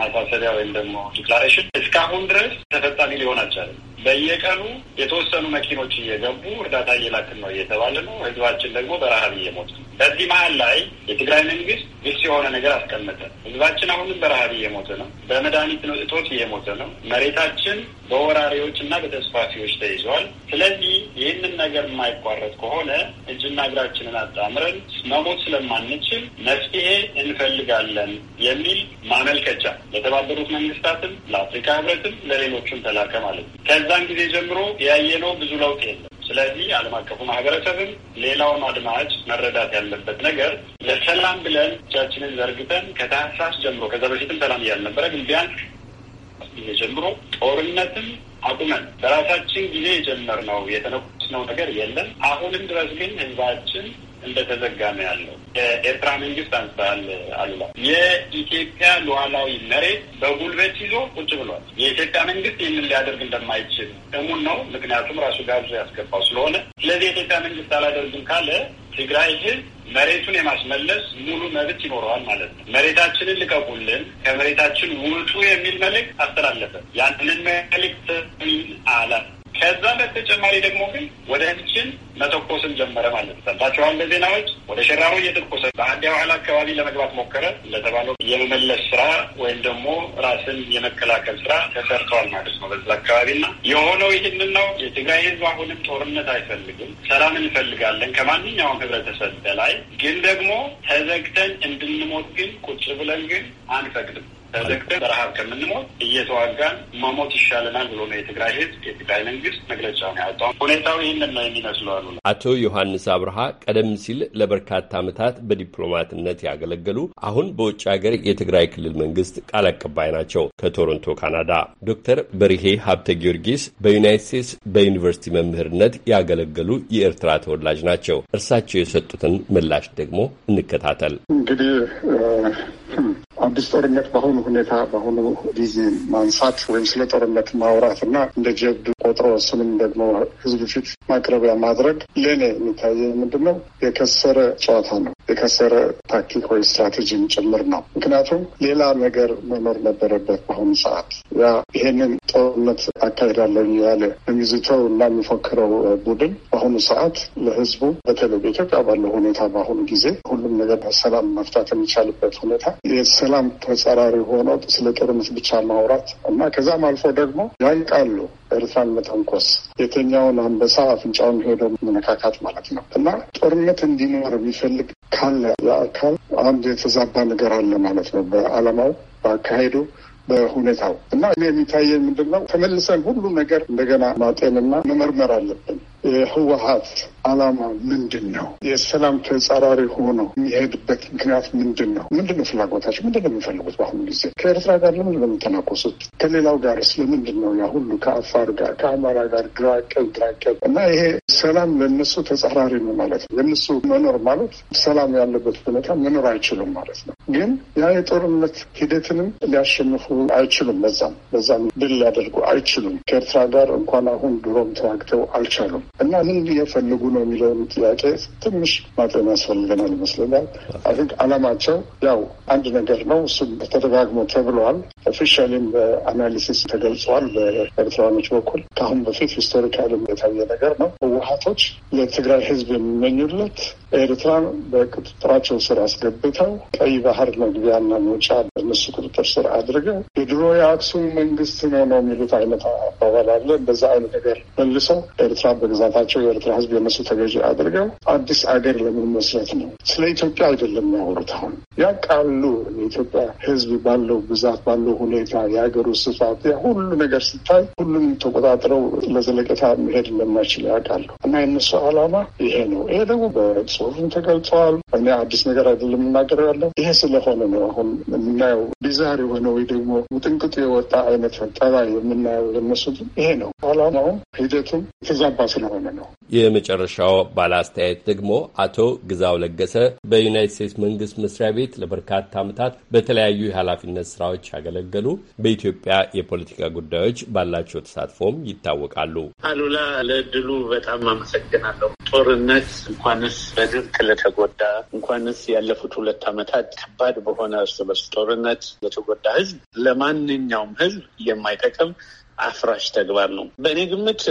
ማሳሰቢያ ወይም ደግሞ ዲክላሬሽን እስካሁን ድረስ ተፈጻሚ ሊሆን አልቻለም። በየቀኑ የተወሰኑ መኪኖች እየገቡ እርዳታ እየላክን ነው እየተባለ ነው። ህዝባችን ደግሞ በረሀብ እየሞት ነው። በዚህ መሀል ላይ የትግራይ መንግስት ግልጽ የሆነ ነገር አስቀመጠ። ህዝባችን አሁንም በረሀብ እየሞተ ነው። በመድኃኒት እጦት እየሞተ ነው። መሬታችን በወራሪዎች እና በተስፋፊዎች ተይዟል። ስለዚህ ይህንን ነገር የማይቋረጥ ከሆነ እጅና እግራችንን አጣምረን መሞት ስለማንችል መፍትሄ እንፈልጋለን የሚል ማመልከቻ ለተባበሩት መንግስታትም፣ ለአፍሪካ ህብረትም፣ ለሌሎቹም ተላከ ማለት ነው። ከዛን ጊዜ ጀምሮ ያየነው ብዙ ለውጥ የለም። ስለዚህ ዓለም አቀፉ ማህበረሰብም ሌላውን አድማጭ መረዳት ያለበት ነገር ለሰላም ብለን እጃችንን ዘርግተን ከታህሳስ ጀምሮ ከዛ በፊትም ሰላም እያልነበረ ግን ቢያንስ ጊዜ ጀምሮ ጦርነትም አቁመን በራሳችን ጊዜ የጀመርነው የተነኩስ ነው ነገር የለም። አሁንም ድረስ ግን ህዝባችን እንደተዘጋ ነው ያለው። የኤርትራ መንግስት አንስተሃል አሉላ፣ የኢትዮጵያ ሉዓላዊ መሬት በጉልበት ይዞ ቁጭ ብሏል። የኢትዮጵያ መንግስት ይህንን ሊያደርግ እንደማይችል እሙን ነው። ምክንያቱም ራሱ ጋብዞ ያስገባው ስለሆነ፣ ስለዚህ የኢትዮጵያ መንግስት አላደርግም ካለ ትግራይ ህዝብ መሬቱን የማስመለስ ሙሉ መብት ይኖረዋል ማለት ነው። መሬታችንን ልቀቁልን፣ ከመሬታችን ውጡ የሚል መልእክት አስተላለፈ። ያንን መልእክት አላ ከዛ በተጨማሪ ደግሞ ግን ወደ ህችን መተኮስን ጀመረ ማለት ነው። ሰምታችኋል። ለዜናዎች ወደ ሸራሮ እየተኮሰ በአዲ ዋህል አካባቢ ለመግባት ሞከረ። ለተባለው የመመለስ ስራ ወይም ደግሞ ራስን የመከላከል ስራ ተሰርተዋል ማለት ነው በዛ ና የሆነው ይህን ነው። የትግራይ ህዝብ አሁንም ጦርነት አይፈልግም፣ ሰላም እንፈልጋለን ከማንኛውም ህብረተሰብ በላይ ግን ደግሞ ተዘግተን እንድንሞት ግን ቁጭ ብለን ግን አንፈቅድም። ተዘግተን በረሀብ ከምንሞት እየተዋጋን መሞት ይሻለናል ብሎ ነው የትግራይ ህዝብ፣ የትግራይ መንግስት መግለጫውን ያወጣው። ሁኔታው ይህንን ነው የሚመስለው አሉ አቶ ዮሐንስ አብርሃ ቀደም ሲል ለበርካታ ዓመታት በዲፕሎማትነት ያገለገሉ አሁን በውጭ ሀገር የትግራይ ክልል መንግስት ቃል አቀባይ ናቸው። ከቶሮንቶ ካናዳ ዶክተር በርሄ ሀብተ ጊዮርጊስ በዩናይት ስቴትስ በዩኒቨርሲቲ መምህርነት ያገለገሉ የኤርትራ ተወላጅ ናቸው። እርሳቸው የሰጡትን ምላሽ ደግሞ እንከታተል። እንግዲህ አዲስ ጦርነት በአሁኑ ሁኔታ በአሁኑ ጊዜ ማንሳት ወይም ስለ ጦርነት ማውራት እና እንደ ጀብድ ቆጥሮ እሱንም ደግሞ ህዝብ ፊት ማቅረቢያ ማድረግ ለእኔ የሚታየ ምንድን ነው የከሰረ ጨዋታ ነው። የከሰረ ታክቲክ ወይ ስትራቴጂም ጭምር ነው። ምክንያቱም ሌላ ነገር መኖር ነበረበት። በአሁኑ ሰዓት ያ ይሄንን ጦርነት አካሂዳለሁ ያለ የሚዝተው እና የሚፎክረው ቡድን በአሁኑ ሰዓት ለህዝቡ በተለይ በኢትዮጵያ ባለው ሁኔታ በአሁኑ ጊዜ ሁሉም ነገር በሰላም መፍታት የሚቻልበት ሁኔታ የሰላም ተጸራሪ ሆኖ ስለ ጦርነት ብቻ ማውራት እና ከዛም አልፎ ደግሞ ያይቃሉ ኤርትራን መተንኮስ፣ የተኛውን አንበሳ አፍንጫውን ሄዶ መነካካት ማለት ነው እና ጦርነት እንዲኖር የሚፈልግ ካለ የአካል አንድ የተዛባ ነገር አለ ማለት ነው በዓላማው በአካሄዱ በሁኔታው እና የሚታየ ምንድን ነው? ተመልሰን ሁሉ ነገር እንደገና ማጤንና መመርመር አለብን። የህወሀት አላማ ምንድን ነው? የሰላም ተጻራሪ ሆኖ የሚሄድበት ምክንያት ምንድን ነው? ምንድን ነው ፍላጎታቸው? ምንድን ነው የሚፈልጉት? በአሁኑ ጊዜ ከኤርትራ ጋር ለምን ለምተናኮሱት? ከሌላው ጋር ስለምንድን ነው ያ ሁሉ? ከአፋር ጋር ከአማራ ጋር ግራ ቀኝ እና ይሄ ሰላም ለነሱ ተጻራሪ ነው ማለት ነው። የነሱ መኖር ማለት ሰላም ያለበት ሁኔታ መኖር አይችሉም ማለት ነው። ግን ያ የጦርነት ሂደትንም ሊያሸንፉ አይችሉም። በዛም በዛም ድል ሊያደርጉ አይችሉም። ከኤርትራ ጋር እንኳን አሁን ድሮም ተዋግተው አልቻሉም። እና ምን እየፈልጉ ነው የሚለውን ጥያቄ ትንሽ ማጤን ያስፈልገናል ይመስለኛል። አይ አላማቸው ያው አንድ ነገር ነው። እሱም ተደጋግሞ ተብለዋል። ኦፊሻሊም በአናሊሲስ ተገልጸዋል። በኤርትራኖች በኩል ከአሁን በፊት ሂስቶሪካል የታየ ነገር ነው። ህወሀቶች ለትግራይ ህዝብ የሚመኙለት ኤርትራን በቁጥጥራቸው ስር አስገብተው ቀይ ባህር መግቢያና መውጫ በእነሱ ቁጥጥር ስር አድርገው የድሮ የአክሱም መንግስት ነው ነው የሚሉት አይነት አባባል አለ። በዛ አይነት ነገር መልሰው ኤርትራ በግዛት በመነሳታቸው የኤርትራ ህዝብ የነሱ ተገዥ አድርገው አዲስ አገር ለመመስረት ነው። ስለ ኢትዮጵያ አይደለም የሚያወሩት። አሁን ያውቃሉ የኢትዮጵያ ህዝብ ባለው ብዛት ባለው ሁኔታ የሀገሩ ስፋት ሁሉ ነገር ስታይ ሁሉም ተቆጣጥረው ለዘለቀታ መሄድ ለማይችል ያውቃሉ። እና የነሱ ዓላማ ይሄ ነው። ይሄ ደግሞ በጽሁፍም ተገልጸዋል። እኔ አዲስ ነገር አይደለም የምናገረው ያለው ይሄ ስለሆነ ነው። አሁን የምናየው ቢዛር የሆነ ወይ ደግሞ ውጥንቅጡ የወጣ አይነት ጠባይ የምናየው የነሱ ይሄ ነው። ዓላማውም ሂደቱም የተዛባ ስለ ስለሆነ ነው። የመጨረሻው ባለ አስተያየት ደግሞ አቶ ግዛው ለገሰ በዩናይት ስቴትስ መንግስት መስሪያ ቤት ለበርካታ ዓመታት በተለያዩ የኃላፊነት ስራዎች ያገለገሉ፣ በኢትዮጵያ የፖለቲካ ጉዳዮች ባላቸው ተሳትፎም ይታወቃሉ። አሉላ ለእድሉ በጣም አመሰግናለሁ። ጦርነት እንኳንስ በድርቅ ለተጎዳ እንኳንስ ያለፉት ሁለት ዓመታት ከባድ በሆነ እርስ በርስ ጦርነት ለተጎዳ ህዝብ ለማንኛውም ህዝብ የማይጠቅም አፍራሽ ተግባር ነው። በእኔ ግምት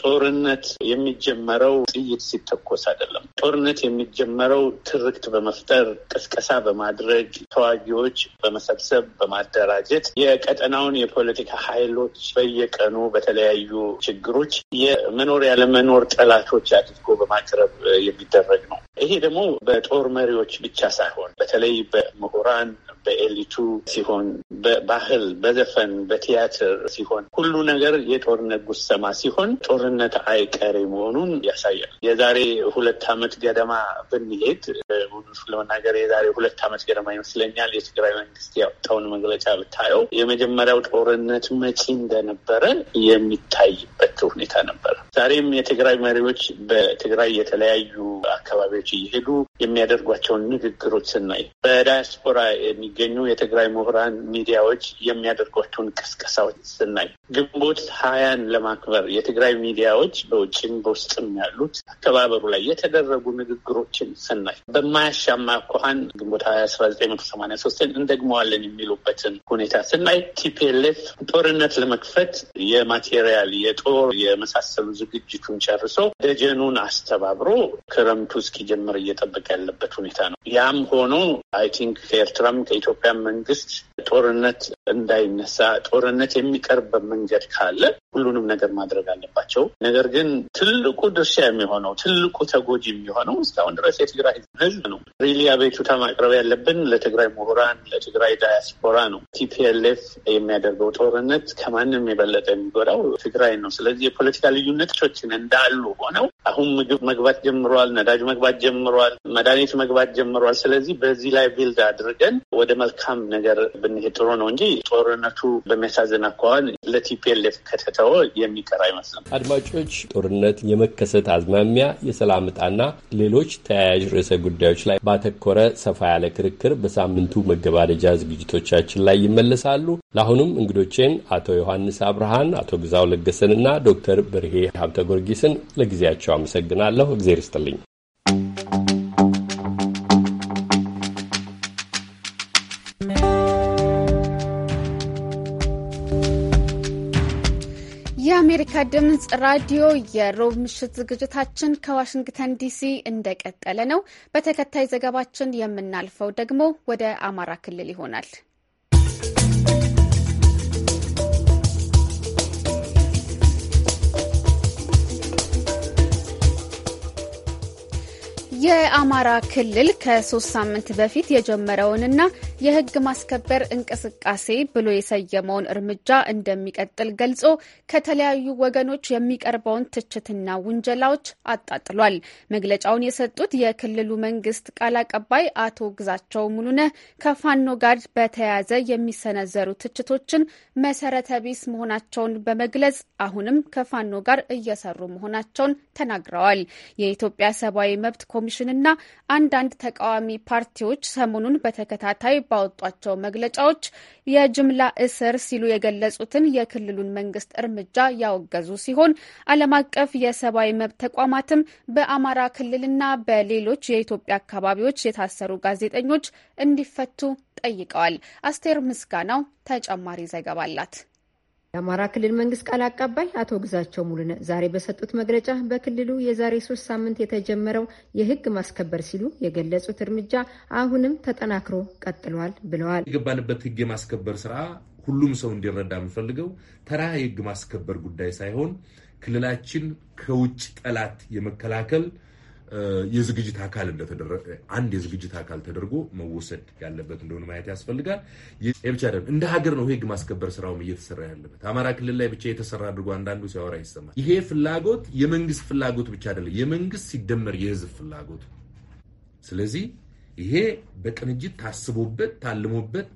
ጦርነት የሚጀመረው ጥይት ሲተኮስ አይደለም። ጦርነት የሚጀመረው ትርክት በመፍጠር ቅስቀሳ በማድረግ ተዋጊዎች በመሰብሰብ በማደራጀት የቀጠናውን የፖለቲካ ኃይሎች በየቀኑ በተለያዩ ችግሮች የመኖር ያለመኖር ጠላቶች አድርጎ በማቅረብ የሚደረግ ነው። ይሄ ደግሞ በጦር መሪዎች ብቻ ሳይሆን በተለይ በምሁራን በኤሊቱ ሲሆን፣ በባህል በዘፈን በቲያትር ሲሆን፣ ሁሉ ነገር የጦርነት ጉሰማ ሲሆን ጦርነት አይቀሬ መሆኑን ያሳያል። የዛሬ ሁለት ዓመት ገደማ ብንሄድ እውነቱ ለመናገር የዛሬ ሁለት ዓመት ገደማ ይመስለኛል የትግራይ መንግስት ያወጣውን መግለጫ ብታየው የመጀመሪያው ጦርነት መቼ እንደነበረ የሚታይበት ሁኔታ ነበረ። ዛሬም የትግራይ መሪዎች በትግራይ የተለያዩ አካባቢዎች እየሄዱ የሚያደርጓቸውን ንግግሮች ስናይ በዳያስፖራ የሚ የሚገኙ የትግራይ ምሁራን ሚዲያዎች የሚያደርጓቸውን ቅስቀሳዎች ስናይ ግንቦት ሀያን ለማክበር የትግራይ ሚዲያዎች በውጭም በውስጥም ያሉት አከባበሩ ላይ የተደረጉ ንግግሮችን ስናይ በማያሻማ ኳኋን ግንቦት ሀያ አስራ ዘጠኝ መቶ ሰማኒያ ሶስትን እንደግመዋለን የሚሉበትን ሁኔታ ስናይ ቲፒኤልኤፍ ጦርነት ለመክፈት የማቴሪያል የጦር የመሳሰሉ ዝግጅቱን ጨርሶ ደጀኑን አስተባብሮ ክረምቱ እስኪጀምር እየጠበቀ ያለበት ሁኔታ ነው። ያም ሆኖ አይ ቲንክ ከኤርትራም የኢትዮጵያ መንግስት ጦርነት እንዳይነሳ ጦርነት የሚቀርበት መንገድ ካለ ሁሉንም ነገር ማድረግ አለባቸው። ነገር ግን ትልቁ ድርሻ የሚሆነው ትልቁ ተጎጂ የሚሆነው እስካሁን ድረስ የትግራይ ህዝብ ነው። ሪሊ አቤቱታ ማቅረብ ያለብን ለትግራይ ምሁራን፣ ለትግራይ ዳያስፖራ ነው። ቲፒኤልኤፍ የሚያደርገው ጦርነት ከማንም የበለጠ የሚጎዳው ትግራይ ነው። ስለዚህ የፖለቲካ ልዩነቶችን እንዳሉ ሆነው አሁን ምግብ መግባት ጀምሯል፣ ነዳጅ መግባት ጀምሯል፣ መድኃኒት መግባት ጀምሯል። ስለዚህ በዚህ ላይ ቢልድ አድርገን ወደ መልካም ነገር ብንሄድ ጥሩ ነው እንጂ ጦርነቱ በሚያሳዝን አኳኋን ለቲፒኤልኤፍ ከተተወ የሚቀር አይመስልም። አድማጮች፣ ጦርነት የመከሰት አዝማሚያ፣ የሰላም ዕጣና ሌሎች ተያያዥ ርዕሰ ጉዳዮች ላይ ባተኮረ ሰፋ ያለ ክርክር በሳምንቱ መገባደጃ ዝግጅቶቻችን ላይ ይመለሳሉ። ለአሁኑም እንግዶቼን አቶ ዮሐንስ አብርሃን፣ አቶ ግዛው ለገሰንና ዶክተር በርሄ ሀብተ ጊዮርጊስን ለጊዜያቸው አመሰግናለሁ። እግዜር ይስጥልኝ። የአሜሪካ ድምፅ ራዲዮ የሮብ ምሽት ዝግጅታችን ከዋሽንግተን ዲሲ እንደቀጠለ ነው። በተከታይ ዘገባችን የምናልፈው ደግሞ ወደ አማራ ክልል ይሆናል። የአማራ ክልል ከሶስት ሳምንት በፊት የጀመረውንና የሕግ ማስከበር እንቅስቃሴ ብሎ የሰየመውን እርምጃ እንደሚቀጥል ገልጾ ከተለያዩ ወገኖች የሚቀርበውን ትችትና ውንጀላዎች አጣጥሏል። መግለጫውን የሰጡት የክልሉ መንግስት ቃል አቀባይ አቶ ግዛቸው ሙሉነህ ከፋኖ ጋር በተያያዘ የሚሰነዘሩ ትችቶችን መሰረተ ቢስ መሆናቸውን በመግለጽ አሁንም ከፋኖ ጋር እየሰሩ መሆናቸውን ተናግረዋል። የኢትዮጵያ ሰብአዊ መብት ኮሚሽን ኮሚሽንና አንዳንድ ተቃዋሚ ፓርቲዎች ሰሞኑን በተከታታይ ባወጧቸው መግለጫዎች የጅምላ እስር ሲሉ የገለጹትን የክልሉን መንግስት እርምጃ ያወገዙ ሲሆን ዓለም አቀፍ የሰብአዊ መብት ተቋማትም በአማራ ክልልና በሌሎች የኢትዮጵያ አካባቢዎች የታሰሩ ጋዜጠኞች እንዲፈቱ ጠይቀዋል። አስቴር ምስጋናው ተጨማሪ ዘገባ አላት። የአማራ ክልል መንግስት ቃል አቀባይ አቶ ግዛቸው ሙሉነ ዛሬ በሰጡት መግለጫ በክልሉ የዛሬ ሶስት ሳምንት የተጀመረው የህግ ማስከበር ሲሉ የገለጹት እርምጃ አሁንም ተጠናክሮ ቀጥሏል ብለዋል። የገባንበት ህግ የማስከበር ስራ ሁሉም ሰው እንዲረዳ የምፈልገው ተራ የህግ ማስከበር ጉዳይ ሳይሆን ክልላችን ከውጭ ጠላት የመከላከል የዝግጅት አካል እንደተደረገ አንድ የዝግጅት አካል ተደርጎ መወሰድ ያለበት እንደሆነ ማየት ያስፈልጋል። ብቻ ደግሞ እንደ ሀገር ነው ህግ ማስከበር ስራውም እየተሰራ ያለበት። አማራ ክልል ላይ ብቻ የተሰራ አድርጎ አንዳንዱ ሲያወራ ይሰማል። ይሄ ፍላጎት የመንግስት ፍላጎት ብቻ አይደለም፣ የመንግስት ሲደመር የህዝብ ፍላጎት። ስለዚህ ይሄ በቅንጅት ታስቦበት ታልሞበት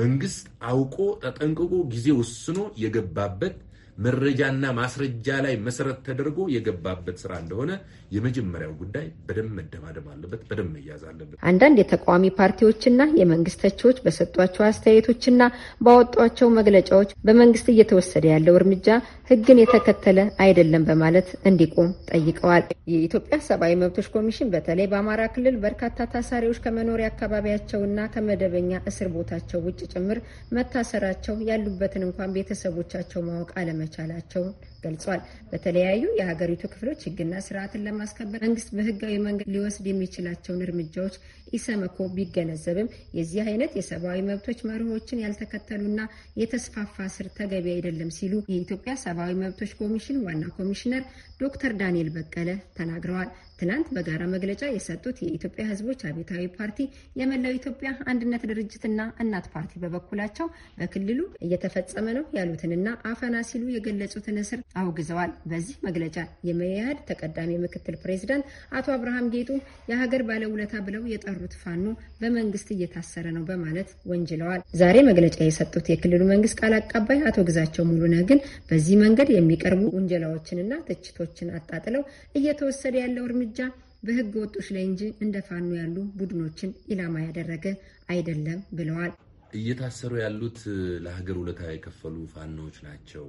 መንግስት አውቆ ተጠንቅቆ ጊዜ ወስኖ የገባበት መረጃና ማስረጃ ላይ መሰረት ተደርጎ የገባበት ስራ እንደሆነ የመጀመሪያው ጉዳይ በደንብ መደማደም አለበት፣ በደንብ መያዝ አለበት። አንዳንድ የተቃዋሚ ፓርቲዎችና የመንግስት ተቺዎች በሰጧቸው አስተያየቶችና ባወጧቸው መግለጫዎች በመንግስት እየተወሰደ ያለው እርምጃ ህግን የተከተለ አይደለም በማለት እንዲቆም ጠይቀዋል። የኢትዮጵያ ሰብአዊ መብቶች ኮሚሽን በተለይ በአማራ ክልል በርካታ ታሳሪዎች ከመኖሪያ አካባቢያቸውና ከመደበኛ እስር ቦታቸው ውጭ ጭምር መታሰራቸው ያሉበትን እንኳን ቤተሰቦቻቸው ማወቅ አለመቻላቸውን ገልጿል። በተለያዩ የሀገሪቱ ክፍሎች ህግና ስርዓትን ለማስከበር መንግስት በህጋዊ መንገድ ሊወስድ የሚችላቸውን እርምጃዎች ኢሰመኮ ቢገነዘብም የዚህ አይነት የሰብአዊ መብቶች መርሆችን ያልተከተሉና የተስፋፋ ስር ተገቢ አይደለም ሲሉ የኢትዮጵያ ሰብአዊ መብቶች ኮሚሽን ዋና ኮሚሽነር ዶክተር ዳንኤል በቀለ ተናግረዋል። ትናንት በጋራ መግለጫ የሰጡት የኢትዮጵያ ሕዝቦች አብዮታዊ ፓርቲ፣ የመላው ኢትዮጵያ አንድነት ድርጅትና እናት ፓርቲ በበኩላቸው በክልሉ እየተፈጸመ ነው ያሉትንና አፈና ሲሉ የገለጹትን እስር አውግዘዋል። በዚህ መግለጫ የመያድ ተቀዳሚ ምክትል ፕሬዚዳንት አቶ አብርሃም ጌጡ የሀገር ባለውለታ ብለው የጠሩት ፋኖ በመንግስት እየታሰረ ነው በማለት ወንጅለዋል። ዛሬ መግለጫ የሰጡት የክልሉ መንግስት ቃል አቀባይ አቶ ግዛቸው ሙሉነህ ግን በዚህ መንገድ የሚቀርቡ ውንጀላዎችንና ትችቶችን አጣጥለው እየተወሰደ ያለው እርምጃ እርምጃ በህገ ወጦች ላይ እንጂ እንደ ፋኖ ያሉ ቡድኖችን ኢላማ ያደረገ አይደለም ብለዋል። እየታሰሩ ያሉት ለሀገር ውለታ የከፈሉ ፋኖዎች ናቸው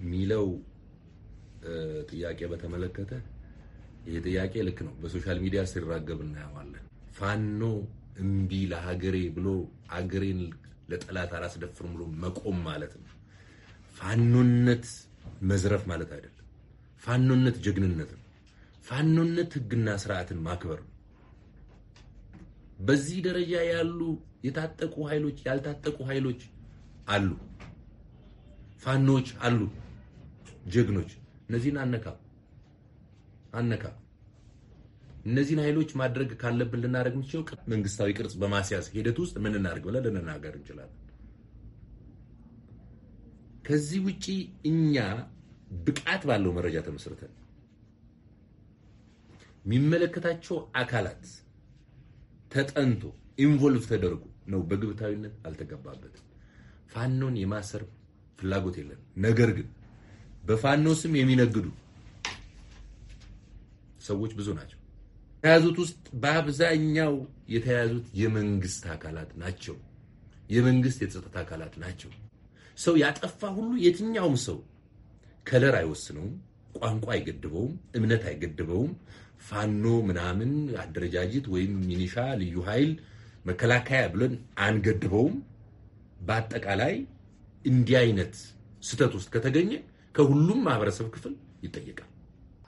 የሚለው ጥያቄ በተመለከተ ይህ ጥያቄ ልክ ነው። በሶሻል ሚዲያ ሲራገብ እናየዋለን። ፋኖ እምቢ ለሀገሬ ብሎ አገሬን ለጠላት አላስደፍርም ብሎ መቆም ማለት ነው። ፋኖነት መዝረፍ ማለት አይደለም። ፋኖነት ጀግንነት ነው። ፋኖነት ህግና ስርዓትን ማክበር ነው። በዚህ ደረጃ ያሉ የታጠቁ ኃይሎች ያልታጠቁ ኃይሎች አሉ፣ ፋኖች አሉ፣ ጀግኖች። እነዚህን አነካ አነካ እነዚህን ኃይሎች ማድረግ ካለብን ልናደርግ የምንችለው መንግስታዊ ቅርጽ በማስያዝ ሂደት ውስጥ ምን እናደርግ ብለን ልንናገር እንችላለን። ከዚህ ውጪ እኛ ብቃት ባለው መረጃ ተመስርተን የሚመለከታቸው አካላት ተጠንቶ ኢንቮልቭ ተደርጎ ነው። በግብታዊነት አልተገባበትም። ፋኖን የማሰር ፍላጎት የለም። ነገር ግን በፋኖ ስም የሚነግዱ ሰዎች ብዙ ናቸው። የተያዙት ውስጥ በአብዛኛው የተያዙት የመንግስት አካላት ናቸው። የመንግስት የጸጥታ አካላት ናቸው። ሰው ያጠፋ ሁሉ የትኛውም ሰው ከለር አይወስነውም፣ ቋንቋ አይገድበውም፣ እምነት አይገድበውም፣ ፋኖ ምናምን አደረጃጀት ወይም ሚኒሻ ልዩ ኃይል መከላከያ ብለን አንገድበውም። በአጠቃላይ እንዲህ አይነት ስህተት ውስጥ ከተገኘ ከሁሉም ማህበረሰብ ክፍል ይጠየቃል።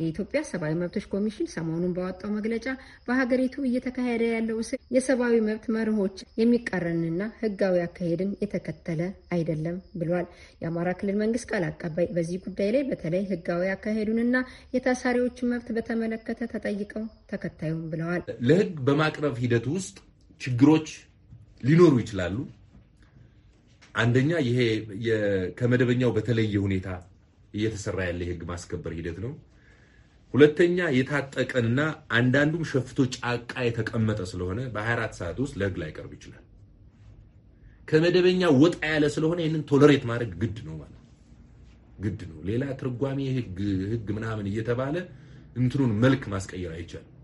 የኢትዮጵያ ሰብአዊ መብቶች ኮሚሽን ሰሞኑን ባወጣው መግለጫ በሀገሪቱ እየተካሄደ ያለው እስር የሰብአዊ መብት መርሆች የሚቃረንና ሕጋዊ አካሄድን የተከተለ አይደለም ብሏል። የአማራ ክልል መንግስት ቃል አቀባይ በዚህ ጉዳይ ላይ በተለይ ሕጋዊ አካሄዱንና የታሳሪዎችን መብት በተመለከተ ተጠይቀው ተከታዩም ብለዋል። ለሕግ በማቅረብ ሂደት ውስጥ ችግሮች ሊኖሩ ይችላሉ። አንደኛ ይሄ ከመደበኛው በተለየ ሁኔታ እየተሰራ ያለ የህግ ማስከበር ሂደት ነው። ሁለተኛ የታጠቀንና አንዳንዱም ሸፍቶ ጫቃ የተቀመጠ ስለሆነ በ24 ሰዓት ውስጥ ለህግ ላይቀርብ ይችላል። ከመደበኛ ወጣ ያለ ስለሆነ ይህንን ቶለሬት ማድረግ ግድ ነው ማለት ግድ ነው። ሌላ ትርጓሜ ህግ ህግ ምናምን እየተባለ እንትኑን መልክ ማስቀየር አይቻልም።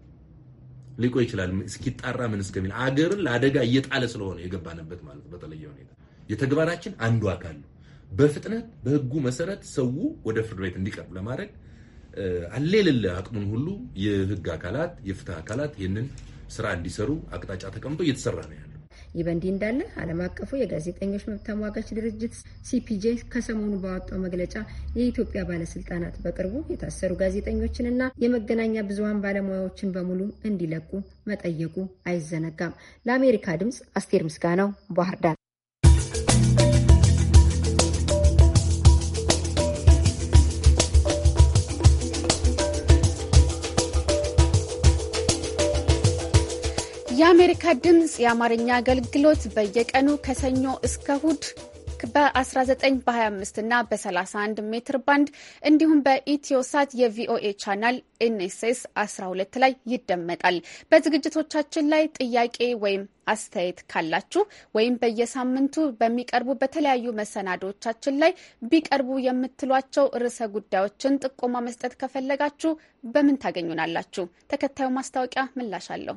ሊቆ ይችላል እስኪጣራ ምን እስከሚል አገርን ለአደጋ እየጣለ ስለሆነ የገባንበት ማለት በተለየ ሁኔታ የተግባራችን አንዱ አካል ነው። በፍጥነት በህጉ መሰረት ሰው ወደ ፍርድ ቤት እንዲቀርብ ለማድረግ አሌልለ አቅሙን ሁሉ የህግ አካላት የፍትህ አካላት ይህንን ስራ እንዲሰሩ አቅጣጫ ተቀምጦ እየተሰራ ነው ያለው። ይህ በእንዲህ እንዳለ ዓለም አቀፉ የጋዜጠኞች መብት ተሟጋች ድርጅት ሲፒጄ ከሰሞኑ ባወጣው መግለጫ የኢትዮጵያ ባለስልጣናት በቅርቡ የታሰሩ ጋዜጠኞችንና የመገናኛ ብዙሀን ባለሙያዎችን በሙሉ እንዲለቁ መጠየቁ አይዘነጋም። ለአሜሪካ ድምፅ አስቴር ምስጋናው ባህርዳር። የአሜሪካ ድምፅ የአማርኛ አገልግሎት በየቀኑ ከሰኞ እስከ እሁድ በ19 በ25 እና በ31 ሜትር ባንድ እንዲሁም በኢትዮሳት የቪኦኤ ቻናል ኤንኤስኤስ 12 ላይ ይደመጣል። በዝግጅቶቻችን ላይ ጥያቄ ወይም አስተያየት ካላችሁ ወይም በየሳምንቱ በሚቀርቡ በተለያዩ መሰናዶዎቻችን ላይ ቢቀርቡ የምትሏቸው ርዕሰ ጉዳዮችን ጥቆማ መስጠት ከፈለጋችሁ በምን ታገኙናላችሁ? ተከታዩ ማስታወቂያ ምላሽ አለው።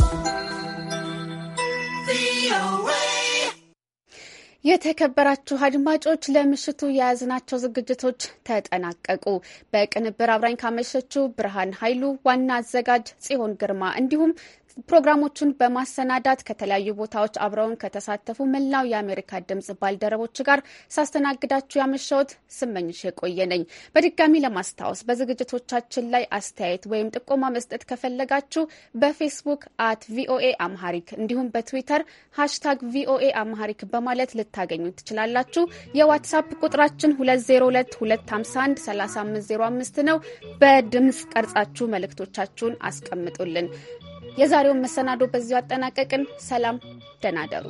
የተከበራችሁ አድማጮች ለምሽቱ የያዝናቸው ዝግጅቶች ተጠናቀቁ። በቅንብር አብራኝ ካመሸችው ብርሃን ኃይሉ፣ ዋና አዘጋጅ ጽዮን ግርማ እንዲሁም ፕሮግራሞቹን በማሰናዳት ከተለያዩ ቦታዎች አብረውን ከተሳተፉ መላው የአሜሪካ ድምጽ ባልደረቦች ጋር ሳስተናግዳችሁ ያመሸሁት ስመኝሽ የቆየ ነኝ። በድጋሚ ለማስታወስ በዝግጅቶቻችን ላይ አስተያየት ወይም ጥቆማ መስጠት ከፈለጋችሁ በፌስቡክ አት ቪኦኤ አምሃሪክ እንዲሁም በትዊተር ሃሽታግ ቪኦኤ አምሃሪክ በማለት ልታገኙ ትችላላችሁ። የዋትሳፕ ቁጥራችን 2022513505 ነው። በድምጽ ቀርጻችሁ መልእክቶቻችሁን አስቀምጡልን። የዛሬውን መሰናዶ በዚሁ አጠናቀቅን። ሰላም፣ ደህና እደሩ።